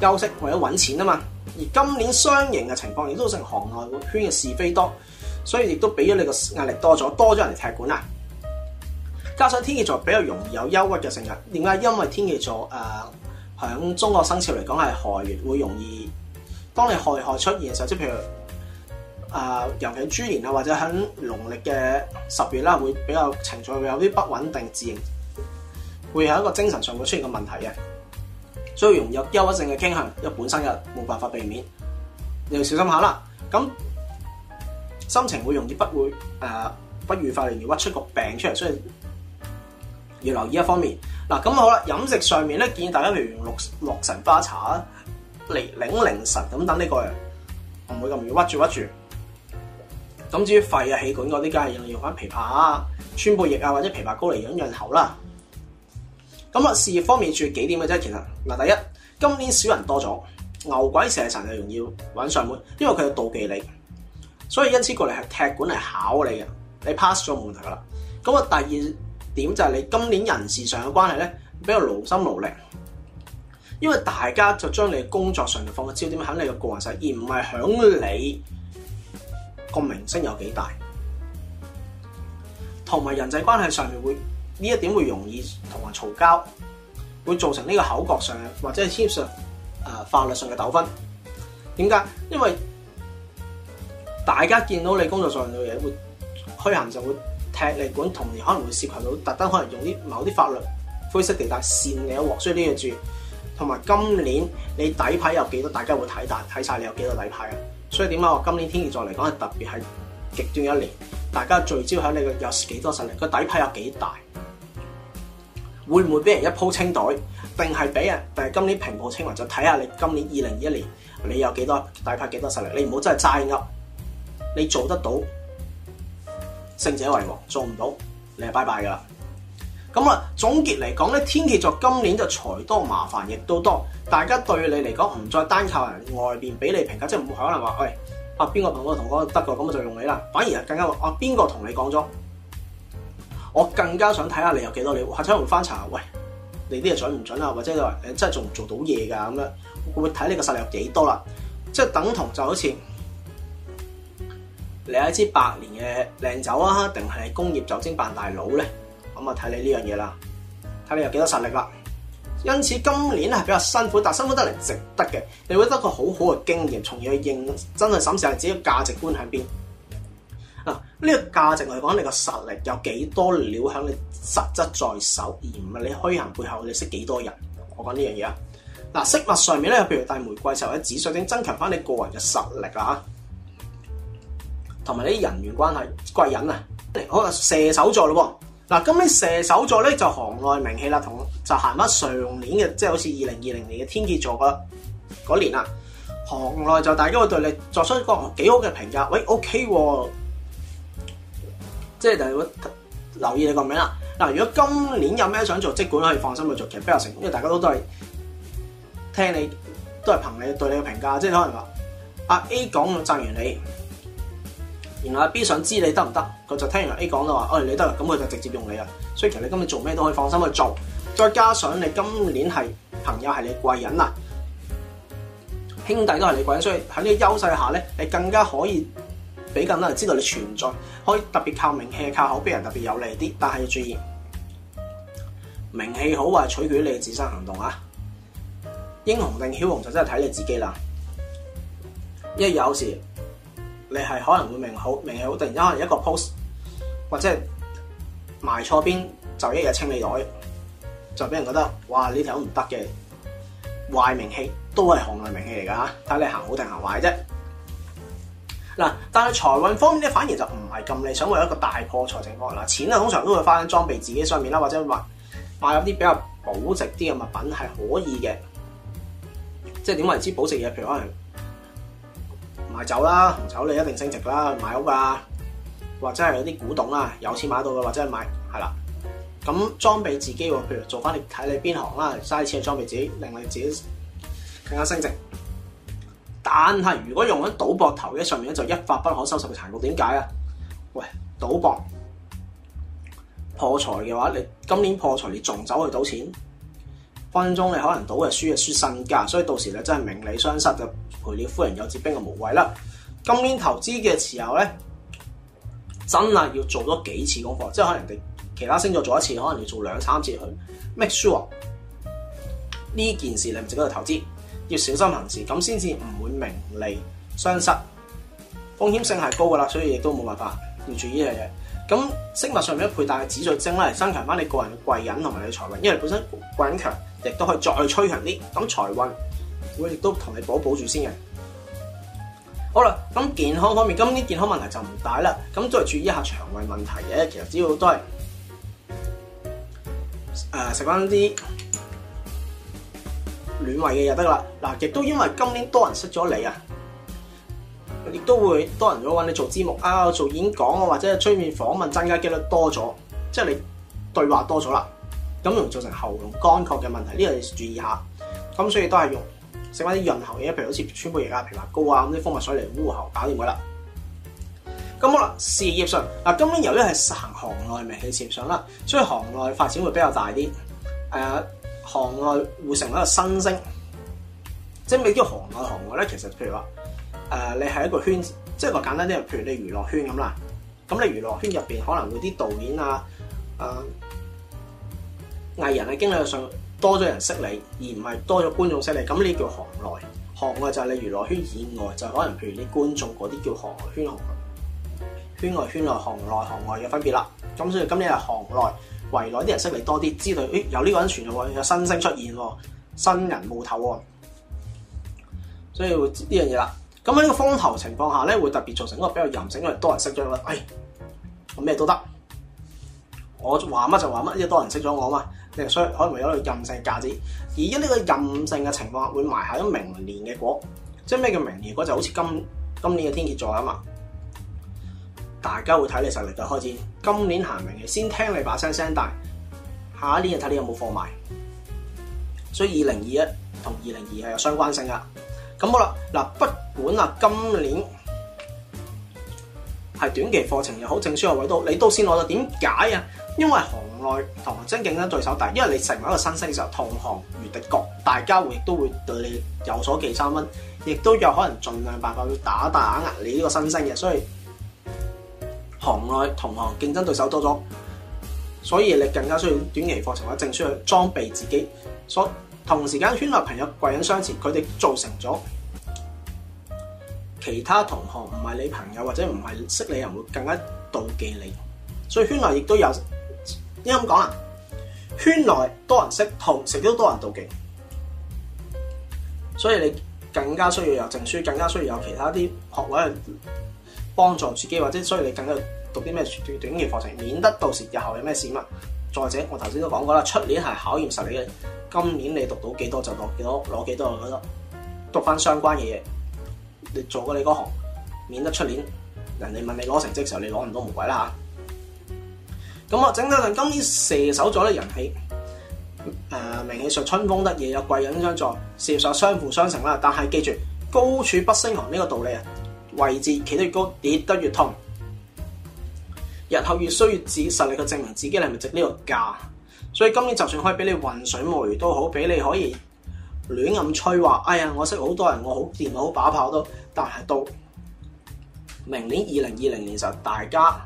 休息為咗揾錢啊嘛，而今年雙贏嘅情況亦都成行內圈嘅是非多，所以亦都俾咗你個壓力多咗，多咗人嚟踢館啦。加上天蠍座比較容易有憂鬱嘅性格，點解？因為天蠍座誒，喺、呃、中國生肖嚟講係亥月，會容易當你亥月出現嘅時候，即譬如誒、呃，尤其係豬年啊，或者喺農曆嘅十月啦，會比較情緒會有啲不穩定，自然會有一個精神上會出現個問題嘅。所以容入憂鬱症嘅傾向，因為本身又冇辦法避免，你要小心一下啦。咁心情會容易不滿，誒、呃、不愉快，而而屈出個病出嚟，所以要留意一方面。嗱，咁好啦，飲食上面咧，建議大家譬如用洛神花茶嚟擰靈神，咁等呢個唔會咁容易屈住屈住。咁至於肺啊、氣管嗰啲，梗係要用翻枇杷川貝液啊，或者枇杷膏嚟潤潤喉啦。咁啊，事業方面注意幾點嘅啫。其實嗱，第一，今年小人多咗，牛鬼蛇神就容易揾上門因為佢有妒忌你，所以因此過嚟係踢館嚟考你嘅，你 pass 咗冇問題噶啦。咁啊，第二點就係你今年人事上嘅關係咧，比較勞心勞力，因為大家就將你工作上面放個焦點喺你個個人上，而唔係響你個名聲有幾大，同埋人際關係上面會。呢一點會容易同人嘈交，會造成呢個口角上或者係牽涉誒、呃、法律上嘅糾紛。點解？因為大家見到你工作上嘅嘢會虛行，就會踢你館，同年可能會涉及到特登，可能用啲某啲法律灰色地帶線嘅一鑊，所以呢樣注意。同埋今年你底牌有幾多？大家會睇大睇晒你有幾多底牌啊？所以點解我今年天蠍座嚟講係特別係極端一年，大家聚焦喺你個有幾多實力，個底牌有幾大。會唔會俾人一鋪清袋？定係俾人？定係今年平步青雲？就睇下你今年二零二一年，你有幾多底牌，幾多實力？你唔好真係齋噏，你做得到，勝者為王；做唔到，你係拜拜噶啦。咁、嗯、啊，總結嚟講咧，天蠍座今年就財多麻煩，亦都多。大家對你嚟講唔再單靠人外邊俾你評價，即係唔會可能話，喂、哎，啊邊個朋友同我得㗎，咁我就用你啦。反而啊，更加話，啊邊個同你講咗？我更加想睇下你有幾多料，下者會翻查，喂，你啲嘢準唔準啦、啊？或者你話，你真係做唔做到嘢噶咁樣，會唔會睇你個實力有幾多啦？即係等同就好似你係一支百年嘅靚酒啊，定係工業酒精扮大佬咧？咁啊睇你呢樣嘢啦，睇你有幾多實力啦。因此今年係比較辛苦，但辛苦得嚟值得嘅，你會得個很好好嘅經驗，從而去認真去審視下自己嘅價值觀喺邊。嗱，呢個價值嚟講，你個實力有幾多料喺你實質在手，而唔係你虛行背後你識幾多人。我講呢樣嘢啊。嗱，飾物上面咧，譬如戴玫瑰就或者紫水晶增強翻你個人嘅實力啊，同埋你人緣關係。貴人啊，好啦，射手座咯。嗱，咁呢射手座咧就行內名氣啦，同就行翻上年嘅，即係好似二零二零年嘅天蠍座嗰嗰年啦，行內就大家會對你作出一個幾好嘅評價。喂，O K 喎。OK 啊即係，就是、留意你個名啦。嗱，如果今年有咩想做，即管可以放心去做，其實比較成功，因為大家都都係聽你，都係憑你對你嘅評價。即係可能話，阿 A 講就讚完你，然後阿 B 想知你得唔得，佢就聽完阿 A 講就話，哦、哎，你得啦，咁佢就直接用你啦。所以其實你今日做咩都可以放心去做。再加上你今年係朋友係你貴人啦，兄弟都係你貴人，所以喺呢個優勢下咧，你更加可以。俾更多人知道你存在，可以特別靠名氣靠口碑，別人特別有利啲。但係要注意，名氣好壞，是取決於你自身行動啊。英雄定梟雄就真係睇你自己啦。因為有時你係可能會名好名氣好，定一可能一個 post 或者係埋錯邊就一日清理袋，就俾人覺得哇呢條唔得嘅，壞名氣都係行業名氣嚟噶嚇，睇你行好定行壞啫。嗱，但係財運方面咧，反而就唔係咁理想，有一個大破財情況啦。錢啊，通常都會花喺裝備自己上面啦，或者賣賣有啲比較保值啲嘅物品係可以嘅。即係點為之保值嘢？譬如可能買酒啦，紅酒你一定升值啦，買屋啊。或者係有啲古董啦，有錢買到嘅或者係買係啦。咁裝備自己，譬如做翻你睇你邊行啦，嘥錢去裝備自己，令你自己更加升值。但係如果用喺賭博投資上面咧，就一發不可收拾嘅殘局。點解啊？喂，賭博破財嘅話，你今年破財，你仲走去賭錢？分分鐘你可能賭嘅輸嘅輸嘅輸嘅身家，所以到時真理的你真係名利相失，就賠了夫人又折兵嘅無謂啦。今年投資嘅時候咧，真係要做多幾次功課，即係可能人哋其他星座做一次，可能要做兩三次去，make sure 呢件事你唔值得去投資。要小心行事，咁先至唔會名利雙失。風險性係高噶啦，所以亦都冇辦法要注意呢樣嘢。咁飾物上面佩戴嘅紫水晶咧，嚟增強翻你個人嘅貴人同埋你嘅財運，因為本身貴人強，亦都可以再去增強啲。咁財運會亦都同你保保住先嘅。好啦，咁健康方面，今年健康問題就唔大啦。咁都係注意一下腸胃問題嘅。其實只要都係誒食翻啲。呃暖胃嘅就得啦，嗱亦都因為今年多人識咗你啊，亦都會多人如果搵你做節目啊、做演講啊或者催面訪問，增加機率多咗，即係你對話多咗啦，咁容易造成喉嚨乾涸嘅問題，呢個要注意下。咁所以都係用食翻啲潤喉嘢，譬如好似川貝液啊、枇杷膏啊咁啲蜂蜜水嚟烏喉搞，搞掂佢啦。咁好啦，事業上嗱，今年由於係行行內名氣漸上啦，所以行內發展會比較大啲。誒。行外會成為一個新星，即係咩叫行內行外咧？其實譬如話，誒、呃、你係一個圈，即係話簡單啲，譬如你娛樂圈咁啦，咁你娛樂圈入邊可能會啲導演啊、呃、藝人啊，經理上多咗人識你，而唔係多咗觀眾識你，咁呢啲叫行內。行外就係你娛樂圈以外，就係可能譬如啲觀眾嗰啲叫行外圈行，圈外圈內、行內行外嘅分別啦。咁所以今年係行內。圍內啲人識你多啲。知道，咦、哎，有呢個人存在喎，有新星出現喎，新人冒頭喎，所以會知呢樣嘢啦。咁喺個風頭情況下咧，會特別造成一個比較任性，因為多人識咗啦，唉，咁咩都得，我話乜就話乜，因為多人識咗我啊嘛，所以可能有個任性價值。而家呢個任性嘅情況，會埋下咗明年嘅果。即係咩叫明年果？就好似今今年嘅天蠍座啊嘛。大家會睇你實力就開始。今年行明嘅，先聽你把聲聲大，下一年就睇你有冇貨賣。所以二零二一同二零二係有相關性噶。咁好啦，嗱，不管啊，今年係短期課程又好，證書嘅位都你都先攞到點解啊？因為行內同行真競爭對手大，因為你成為一個新星嘅時候，同行如敵國，大家會亦都會對你有所忌諱，蚊亦都有可能盡量辦法去打打壓你呢個新星嘅，所以。行內同行競爭對手多咗，所以你更加需要短期課程或者證書去裝備自己。所同時間圈內朋友貴人相前，佢哋造成咗其他同學唔係你朋友或者唔係識你人會更加妒忌你。所以圈內亦都有因為咁講啦，圈內多人識同，成日都多人妒忌，所以你更加需要有證書，更加需要有其他啲學位。幫助自己，或者所以你更加讀啲咩短短篇課程，免得到時日後有咩事嘛。再者，我頭先都講過啦，出年係考驗實力嘅，今年你讀到幾多就讀幾多，攞幾多我覺得。讀翻相關嘅嘢，你做過你嗰行，免得出年人哋問你攞成績嘅時候，你攞唔到唔怪啦吓。咁我整兩陣，今年射手座嘅人氣，誒、呃，名氣上春風得意，有貴人相助，事業上相輔相成啦。但係記住高處不勝寒呢個道理啊。位置企得越高，跌得越痛。日後越衰越止，實力去證明自己係咪值呢個價？所以今年就算可以俾你渾水摸魚都好，俾你可以亂咁吹話。哎呀，我識好多人，我好掂，好把炮都。但係到明年二零二零年就大家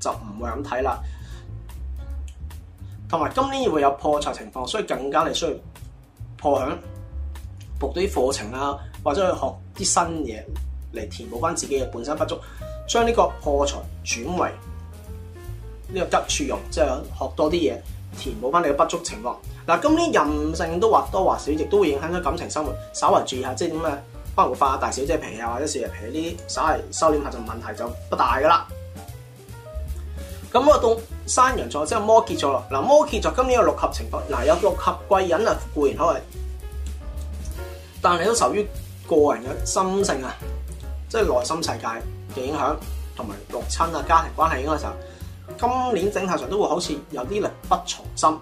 就唔會咁睇啦。同埋今年會有破財情況，所以更加你需要破響讀啲課程啊，或者去學啲新嘢。嚟填補翻自己嘅本身不足，將呢個破財轉為呢個急處用，即係學多啲嘢，填補翻你嘅不足情況。嗱，今年任性都或多或少，亦都會影響咗感情生活，稍為注意下，即係點啊？可能化下大小姐脾氣啊，或者時啊皮啲，稍為收斂下，就問題就不大噶啦。咁啊，到山羊座即係摩羯座啦。嗱，摩羯座今年有六合情況，嗱有六合貴人啊，固然可謂，但係都屬於個人嘅心性啊。即係內心世界嘅影響，同埋六親啊、家庭關係嗰個時候，今年整體上都會好似有啲力不從心。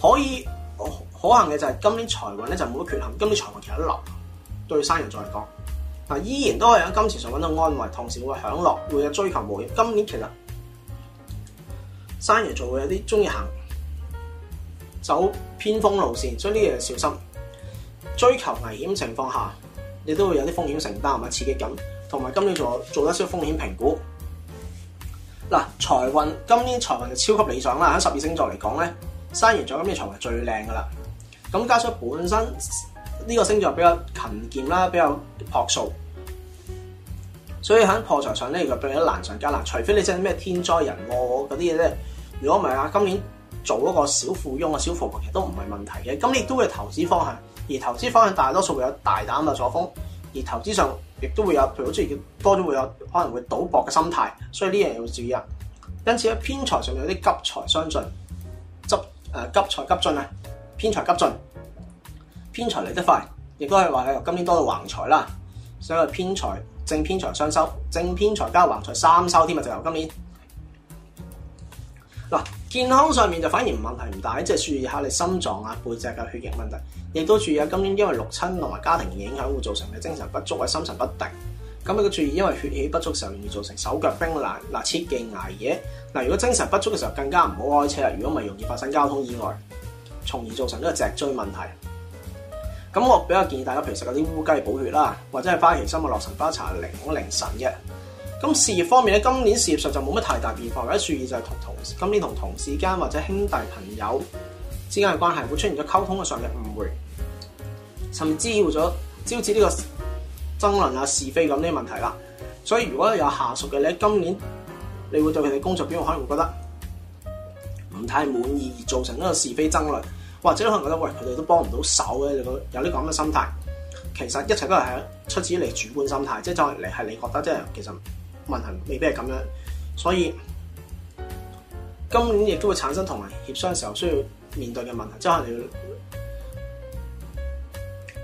可以可行嘅就係今年財運咧就冇乜缺陷，今年財運其實一流，對山羊座嚟講，嗱依然都係喺金錢上揾到安慰，同時會享樂，會有追求冒險。今年其實山羊座會有啲中意行走偏鋒路線，所以呢樣嘢小心追求危險情況下。你都會有啲風險承擔同埋刺激感，同埋今年做做得少風險評估。嗱，財運，今年財運就超級理想啦，喺十二星座嚟講咧，山羊座今年財運係最靚噶啦。咁加上本身呢個星座比較勤儉啦，比較樸素，所以喺破財上咧，又比較難上加難。除非你真係咩天災人禍嗰啲嘢咧，如果唔係啊，今年做一個小富翁啊，小富婆其實都唔係問題嘅。咁你都會投資方向。而投資方向大多數會有大膽嘅作風，而投資上亦都會有，譬如好似多咗會有可能會賭博嘅心態，所以呢樣要注意。因此咧，偏財上有啲急財相進，執誒、呃、急財急進啊，偏財急進，偏財嚟得快，亦都係話係由今年多到橫財啦，所以偏財正偏財雙收，正偏財加橫財三收添啊，就由今年嗱。健康上面就反而問題唔大，即係注意下你心臟啊、背脊嘅血液問題，亦都注意下今年因為六親同埋家庭影響，會造成你精神不足啊、心神不定。咁你都注意，因為血氣不足時候，容易造成手腳冰冷。嗱，切忌捱夜。嗱，如果精神不足嘅時候，更加唔好開車啦。如果唔係，容易發生交通意外，從而造成呢個脊椎問題。咁我比較建議大家平時嗰啲烏雞補血啦，或者係花旗參啊、洛神花茶，零零神一。咁事業方面咧，今年事業上就冇乜太大變化了。有一注意就係同同事今年同同事間或者兄弟朋友之間嘅關係會出現咗溝通嘅上嘅誤會，甚至乎咗招致呢個爭論啊、是非咁啲問題啦。所以如果有下屬嘅咧，你今年你會對佢哋工作表現可能會覺得唔太滿意，而造成一個是非爭論，或者可能覺得喂，佢哋都幫唔到手咧，啊，有啲個咁嘅心態。其實一切都係響出自於你主觀心態，即係再你係你覺得即係其實。問題未必係咁樣，所以今年亦都會產生同埋協商嘅時候需要面對嘅問題，即係你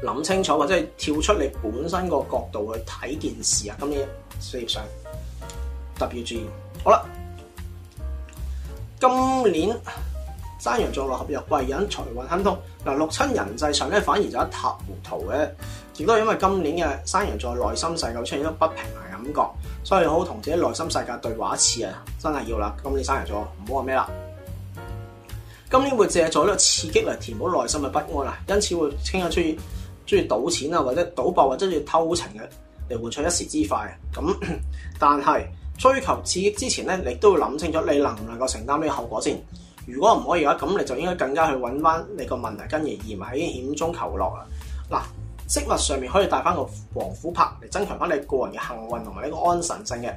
要諗清楚，或者係跳出你本身個角度去睇件事啊。今年事業上特別注意。好啦，今年山羊座六合入貴人，財運亨通。嗱，六親人際上咧，反而就一塌糊塗嘅，亦都係因為今年嘅山羊座內心世界出現咗不平衡。感覺，所以好同自己內心世界對話一次啊，真係要啦。咁你生日咗，唔好話咩啦。今年會借助呢個刺激嚟填補內心嘅不安啦，因此會傾向，中意賭錢啊，或者賭博或者要偷情嘅嚟換取一時之快。咁但係追求刺激之前咧，你都要諗清楚，你能唔能夠承擔呢個後果先？如果唔可以嘅話，咁你就應該更加去揾翻你個問題根源，而唔係險中求樂啦。嗱。飾物上面可以帶翻個黃虎珀嚟增強翻你的個人嘅幸運同埋呢個安神性嘅。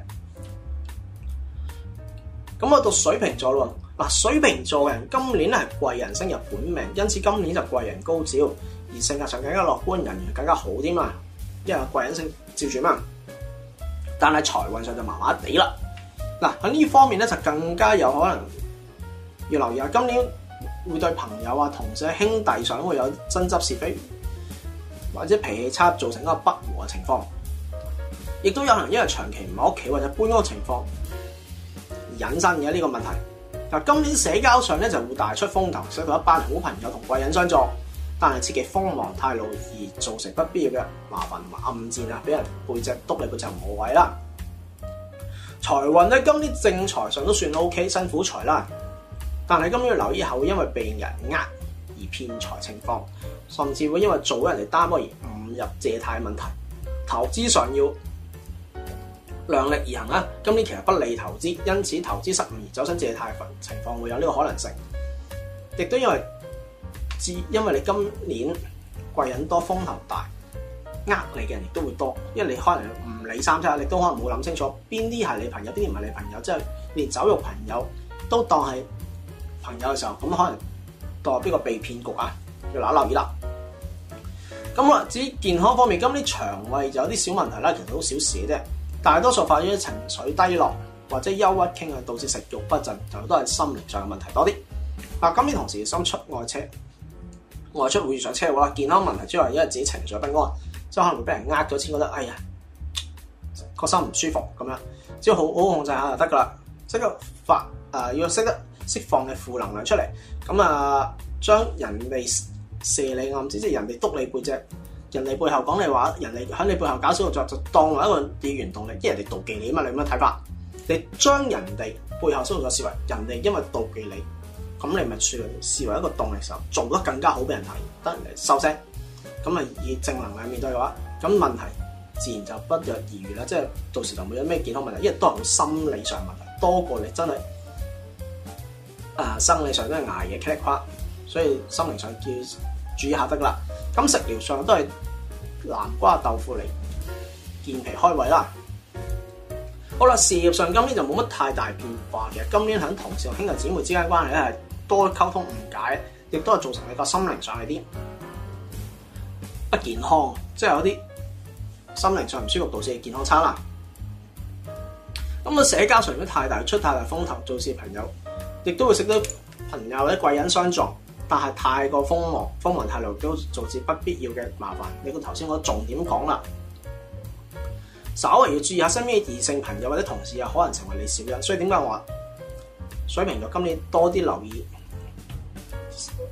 咁我到水瓶座咯，嗱，水瓶座嘅人今年係貴人星入本命，因此今年就貴人高照，而性格上更加樂觀，人緣更加好啲嘛，因為貴人星照住嘛。但係財運上就麻麻地啦。嗱，喺呢方面咧就更加有可能要留意下今年會對朋友啊、同事、兄弟上都會有爭執是非。或者脾氣差造成一個不和嘅情況，亦都有可能因為長期唔喺屋企或者搬屋個情況引申嘅呢個問題。嗱，今年社交上咧就會大出風頭，使到一班好朋友同貴人相助，但係切忌鋒芒太露而造成不必要嘅麻煩同暗戰，啊，俾人背脊督你，佢就無謂啦。財運咧，今年正財上都算 OK，辛苦財啦，但係今年留意下會因為被人呃。而騙財情況，甚至會因為做咗人哋擔保而誤入借貸問題。投資上要量力而行啦。今年其實不利投資，因此投資失誤而走身借貸情況會有呢個可能性。亦都因為自因為你今年貴人多風頭大，呃你嘅人亦都會多，因為你可能唔理三七，你都可能冇諗清楚邊啲係你朋友，邊啲唔係你朋友，即係連酒肉朋友都當係朋友嘅時候，咁可能。當邊個被騙局啊？要留意啦。咁啦，至於健康方面，今年腸胃就有啲小問題啦，其實好小事嘅啫。大多數反映情緒低落或者憂鬱傾向導致食欲不振，就都係心理上嘅問題多啲。嗱，今年同時心出外車，外出會遇上車嘅話，健康問題之外，因為自己情緒不安，即係可能會俾人呃咗錢，覺得哎呀，個心唔舒服咁樣，只要好好控制下就得噶啦，識得發誒、呃、要識得釋放嘅負能量出嚟。咁啊，將人哋射你暗箭，即係人哋篤你背脊，人哋背後講你話，人哋喺你背後搞小動作，就當為一個原動力，因為人哋妒忌你啊嘛，你有乜睇法？你將人哋背後小動作視為人哋因為妒忌你，咁你咪處理，視為一個動力時候，做得更加好俾人睇，得人哋收聲。咁啊，以正能量面對嘅話，咁問題自然就不藥而癒啦。即係到時就冇咗咩健康問題，因為都係個心理上問題多過你真係。啊、呃，生理上都係捱嘢，check 所以心靈上叫注意下得啦。咁食療上都係南瓜豆腐嚟，健脾開胃啦。好啦，事業上今年就冇乜太大變化嘅。今年喺同事同兄弟姊妹之間關係咧係多溝通誤解，亦都係造成你個心靈上係啲不健康，即係有啲心靈上唔舒服，導致你健康差啦。咁啊，社交上都太大出太大風頭，做事朋友。亦都會識得朋友或者貴人相助，但係太過鋒芒、鋒芒太露，都導致不必要嘅麻煩。你個頭先我重點講啦，稍微要注意下身邊異性朋友或者同事，又可能成為你小人。所以點解我話水瓶座今年多啲留意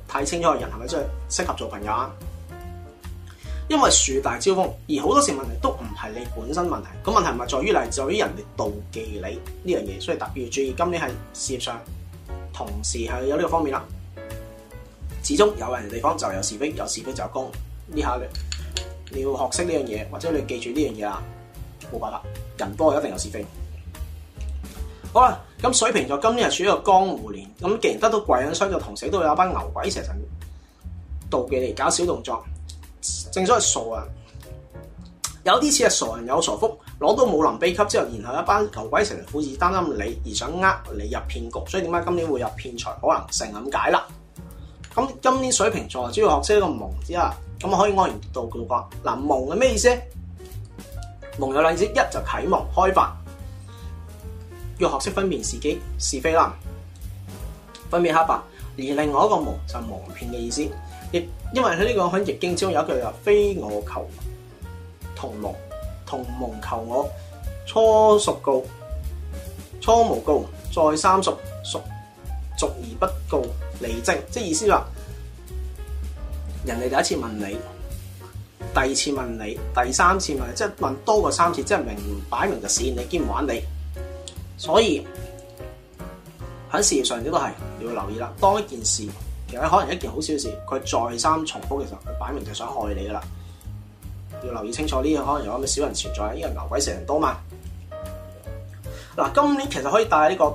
睇清楚人係咪真係適合做朋友？因為樹大招風，而好多時問題都唔係你本身問題，咁問題唔係在於嚟自於人哋妒忌你呢樣嘢，所以特別要注意。今年係事業上。同時係有呢個方面啦，始終有人嘅地方就有是非，有是非就有功。呢下你要學識呢樣嘢，或者你要記住呢樣嘢啦，冇辦法，人多一定有是非。好啦，咁水瓶座今年處於一個江湖年，咁既然得到貴人相助，同時都有一班牛鬼蛇神妒忌你搞小動作，正所謂傻人有啲似係傻人有傻福。攞到武林秘笈之後，然後一班牛鬼蛇神開始擔心你，而想呃你入騙局，所以點解今年會入騙財可能成咁解啦？咁今年水瓶座主要學識一個蒙字啊，咁可以安然度過。嗱、啊，蒙係咩意思？蒙有例子一就啟蒙開發，要學識分辨是非是非啦，分辨黑白。而另外一個蒙就係、蒙騙嘅意思，亦因為喺呢個喺易經之中有一句話：非我求同蒙。童蒙求我，初熟告，初無告，再三熟熟熟而不告，離真。即係意思話，人哋第一次問你，第二次問你，第三次問你，即係問多過三次，即係明擺明就試你，兼玩你。所以喺事業上邊都係要留意啦。當一件事，其實可能一件好小事，佢再三重複嘅時候，其實佢擺明就想害你噶啦。要留意清楚呢啲可能有咩小人存在，因為牛鬼蛇神多嘛。嗱，今年其實可以帶呢個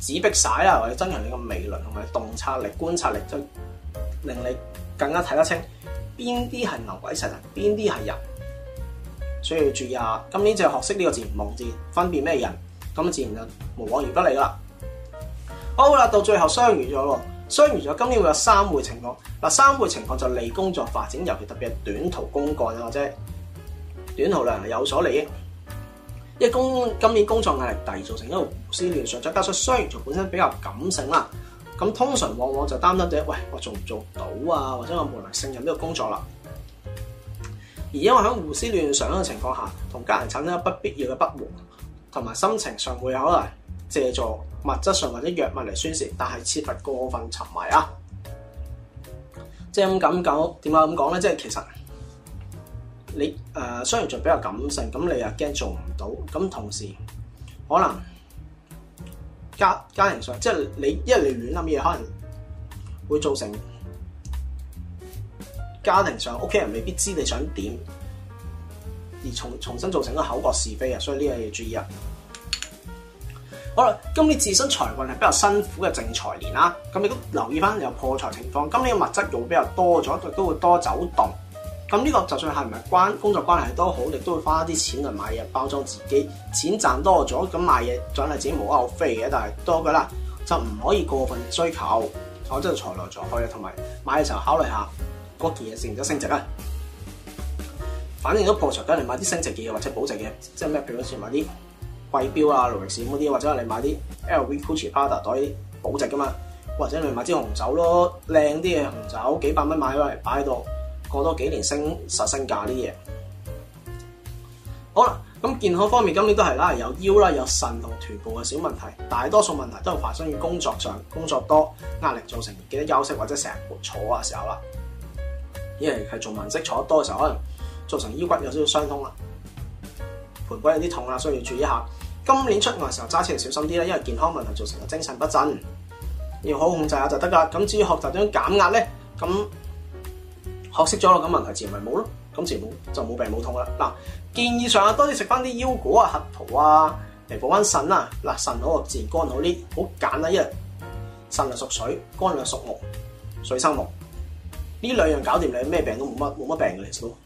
紙壁晒啦，或者增強你個視力同埋洞察力、觀察力，就令你更加睇得清邊啲係牛鬼蛇神，邊啲係人，所以要注意下。今年就學識呢個自然望字，分辨咩人，咁自然就無往而不利啦。好啦，到最後雙魚咗。雙魚座今年會有三會情況，嗱三會情況就利工作發展，尤其特別係短途公幹啊，或者短途量有所利益，因為工今年工作壓力大，造成一個胡思亂想，再加上雙魚座本身比較感性啦，咁通常往往就擔心者，喂我做唔做到啊？或者我無能勝任呢個工作啦，而因為喺胡思亂想嘅情況下，同家人產生不必要嘅不和，同埋心情上會有可能借助。物質上或者藥物嚟宣泄，但係切勿過分沉迷啊！即係咁講，點解咁講咧？即係其實你誒、呃，雖然仲比較感性，咁你又驚做唔到，咁同時可能家家，家庭上，即係你因為亂諗嘢，可能會造成家庭上屋企人未必知你想點，而重重新造成一個口角是非啊！所以呢樣嘢注意啊！好啦，今年自身財運係比較辛苦嘅正財年啦，咁你都留意返有破財情況。今年嘅物質用比較多咗，都會多走動。咁呢個就算係唔係關工作關係都好，亦都會花啲錢嚟買嘢包裝自己。錢賺多咗，咁買嘢獎勵自己無可厚非嘅，但係多嘅啦，就唔可以過分追求。我真係財來財去啦，同埋買嘢時候考慮一下嗰件嘢成唔成升值啊。反正都破財，梗係你買啲升值嘅或者保值嘅，即係咩，俾多錢買啲。貴表啊、勞力士嗰啲，或者你買啲 LV Pucci、Pucci、Patek 袋啲保值噶啊嘛，或者你買支紅酒咯，靚啲嘅紅酒幾百蚊買咗，嚟擺喺度，過多幾年升實升價啲嘢。好啦，咁健康方面今年都係啦，有腰啦，有腎同臀部嘅小問題，大多數問題都係發生於工作上，工作多壓力造成，唔記得休息或者成日坐嘅時候啦。因為係做文職坐得多嘅時候，可能造成腰骨有少少傷痛啦，盆骨有啲痛啦，需要注意一下。今年出外嘅時候揸車小心啲啦，因為健康問題造成個精神不振，要好控制下就得啦。咁至於學習點樣減壓咧，咁學識咗咯，咁問題自然咪冇咯，咁自然就冇病冇痛啦。嗱，建議上啊，多啲食翻啲腰果啊、核桃啊嚟補翻腎啊，嗱腎好自然肝好啲，好簡單，因為腎係屬水，肝咧屬木，水生木，呢兩樣搞掂你咩病都冇乜冇乜病嘅，其實都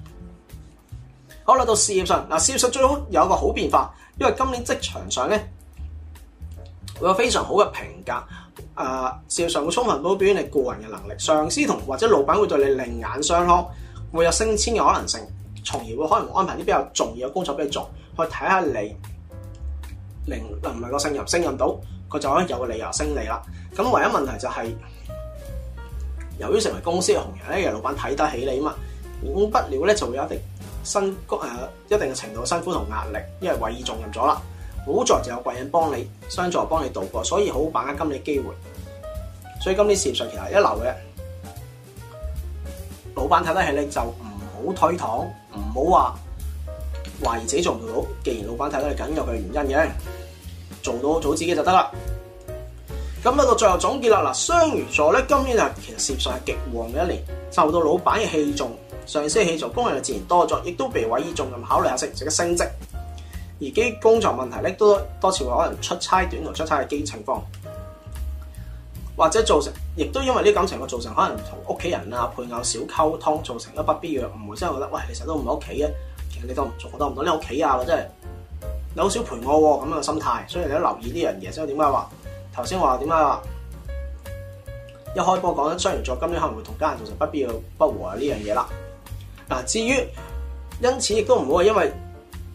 好啦。到事業上，嗱事業上最好有一個好變化。因為今年職場上咧，會有非常好嘅評價，啊、呃，事業上會充分表表現你個人嘅能力，上司同或者老闆會對你另眼相看，會有升遷嘅可能性，從而會可能安排啲比較重要嘅工作俾你做，去睇下你，能唔能夠升任，升任到佢就可以有個理由升你啦。咁唯一問題就係、是，由於成為公司嘅紅人咧，嘅老闆睇得起你嘛，免不了咧就會有一定。辛苦，誒、呃，一定嘅程度辛苦同壓力，因為委以重任咗啦。好在就有貴人幫你，相助幫你渡過，所以好，好把握今年嘅機會。所以今年事業上其實一流嘅，老闆睇得起你，就唔好推搪，唔好話懷疑自己做唔到。既然老闆睇得起，梗有佢原因嘅，做到做自己就得啦。咁啊，到最後總結啦，嗱，雙魚座咧，今年就其實事業上係極旺嘅一年，受到老闆嘅器重。上司起做，工人自然多咗，亦都被委以重任。考慮下食唔食得升職。而基工作問題咧，都多次話可能出差短途出差嘅基情況，或者造成，亦都因為呢感情嘅造成，可能同屋企人啊、配偶少溝通，造成一不必要誤會，真係覺得，喂，其實都唔喺屋企嘅，其實你都唔做，我都唔到你屋企啊，或者係你好少陪我咁樣嘅心態。所以你都留意呢樣嘢，即係點解話頭先話點解話？一開波講雙魚座今年可能會同家人造成不必要不和呢樣嘢啦。嗱，至於因此亦都唔好，因為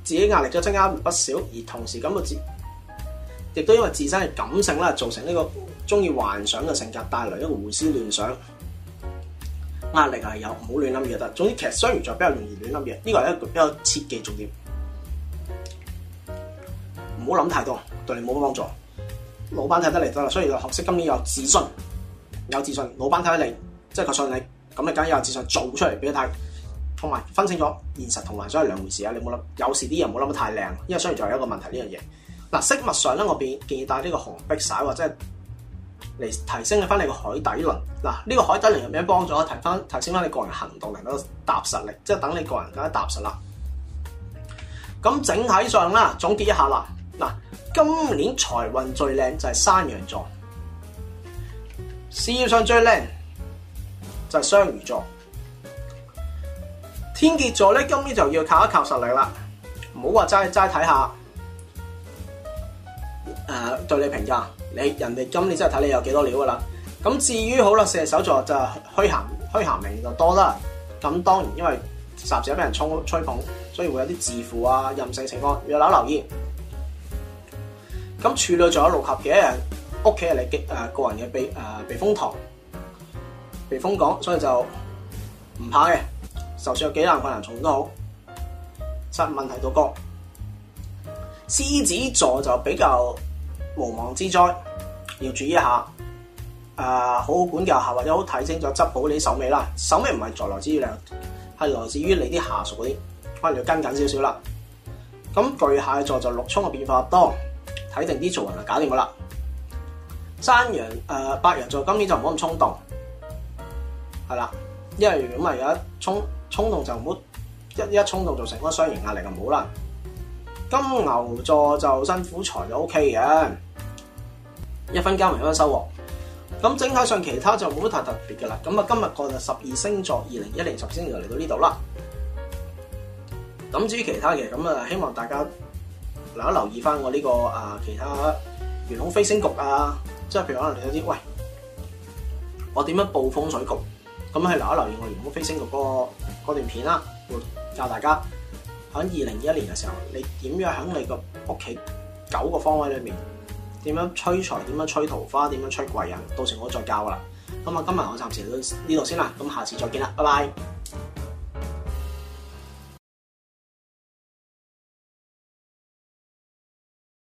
自己壓力就增加不少，而同時感覺自，亦都因為自身嘅感性啦，造成呢個中意幻想嘅性格，帶來一個胡思亂想壓力係有，唔好亂諗嘢得。總之，其實雙魚座比較容易亂諗嘢，呢個係一個比較切記重點。唔好諗太多，對你冇幫助。老闆睇得嚟，得啦，所以學識今年有自信，有自信，老闆睇得嚟，即係佢信你，咁你梗係有自信，做出嚟俾佢睇。分清咗現實同幻想係兩回事啊！你冇諗，有時啲嘢冇諗得太靚，因為雙魚座有一個問題呢樣嘢。嗱、這個，飾物上咧，我建議帶呢個紅碧璽或者嚟提升翻你個海底、這個海底輪。嗱，呢個海底輪有咩幫助？提翻提升翻你個人行動力咯，踏實力，即係等你個人更加踏實啦。咁整體上啦，總結一下啦。嗱，今年財運最靚就係山羊座，事業上最靚就係雙魚座。天蠍座咧，今年就要靠一靠實力啦，唔好話齋齋睇下，誒、呃、對你評價，你人哋今年真係睇你有幾多料噶啦。咁至於好啦，射手座就虛閒虛閒名就多啦。咁當然因為雜誌俾人衝吹、吹捧，所以會有啲自負啊、任性情況，要留留意。咁處女座有六合嘅人，屋企人你極誒、呃、個人嘅避誒、呃、避風塘避風港，所以就唔怕嘅。就算有幾難困難重都好，實問題到個獅子座就比較無妄之災，要注意一下。誒、呃，好好管教下，或者好睇清楚執保你手尾啦。手尾唔係在來之量，係來自於你啲下屬嗰啲，可、啊、能要跟緊少少啦。咁巨蟹座就六衝嘅變化多，睇定啲做人就搞掂佢啦。山羊誒白羊座今年就唔好咁衝動，係啦，因為如果唔係有一衝。衝動就唔好，一一衝動就成嗰個雙贏壓力就唔好啦。金牛座就辛苦財就 O K 嘅，一分耕耘一分收穫。咁整體上其他就冇乜太特別嘅啦。咁啊，今日個十二星座二零一零十星座就嚟到呢度啦。咁至於其他嘅，咁啊希望大家嗱留意翻我呢、呢個啊其他元朗飛星局啊，即係譬如可能你有啲喂，我點樣佈風水局？咁去留一留意我、那個《龍虎飛星嗰個段片啦，我會教大家喺二零二一年嘅時候，你點樣喺你個屋企九個方位裏面，點樣吹財，點樣吹桃花，點樣吹貴人，到時我再教噶啦。咁啊，今日我暫時到呢度先啦，咁下次再見啦，拜拜。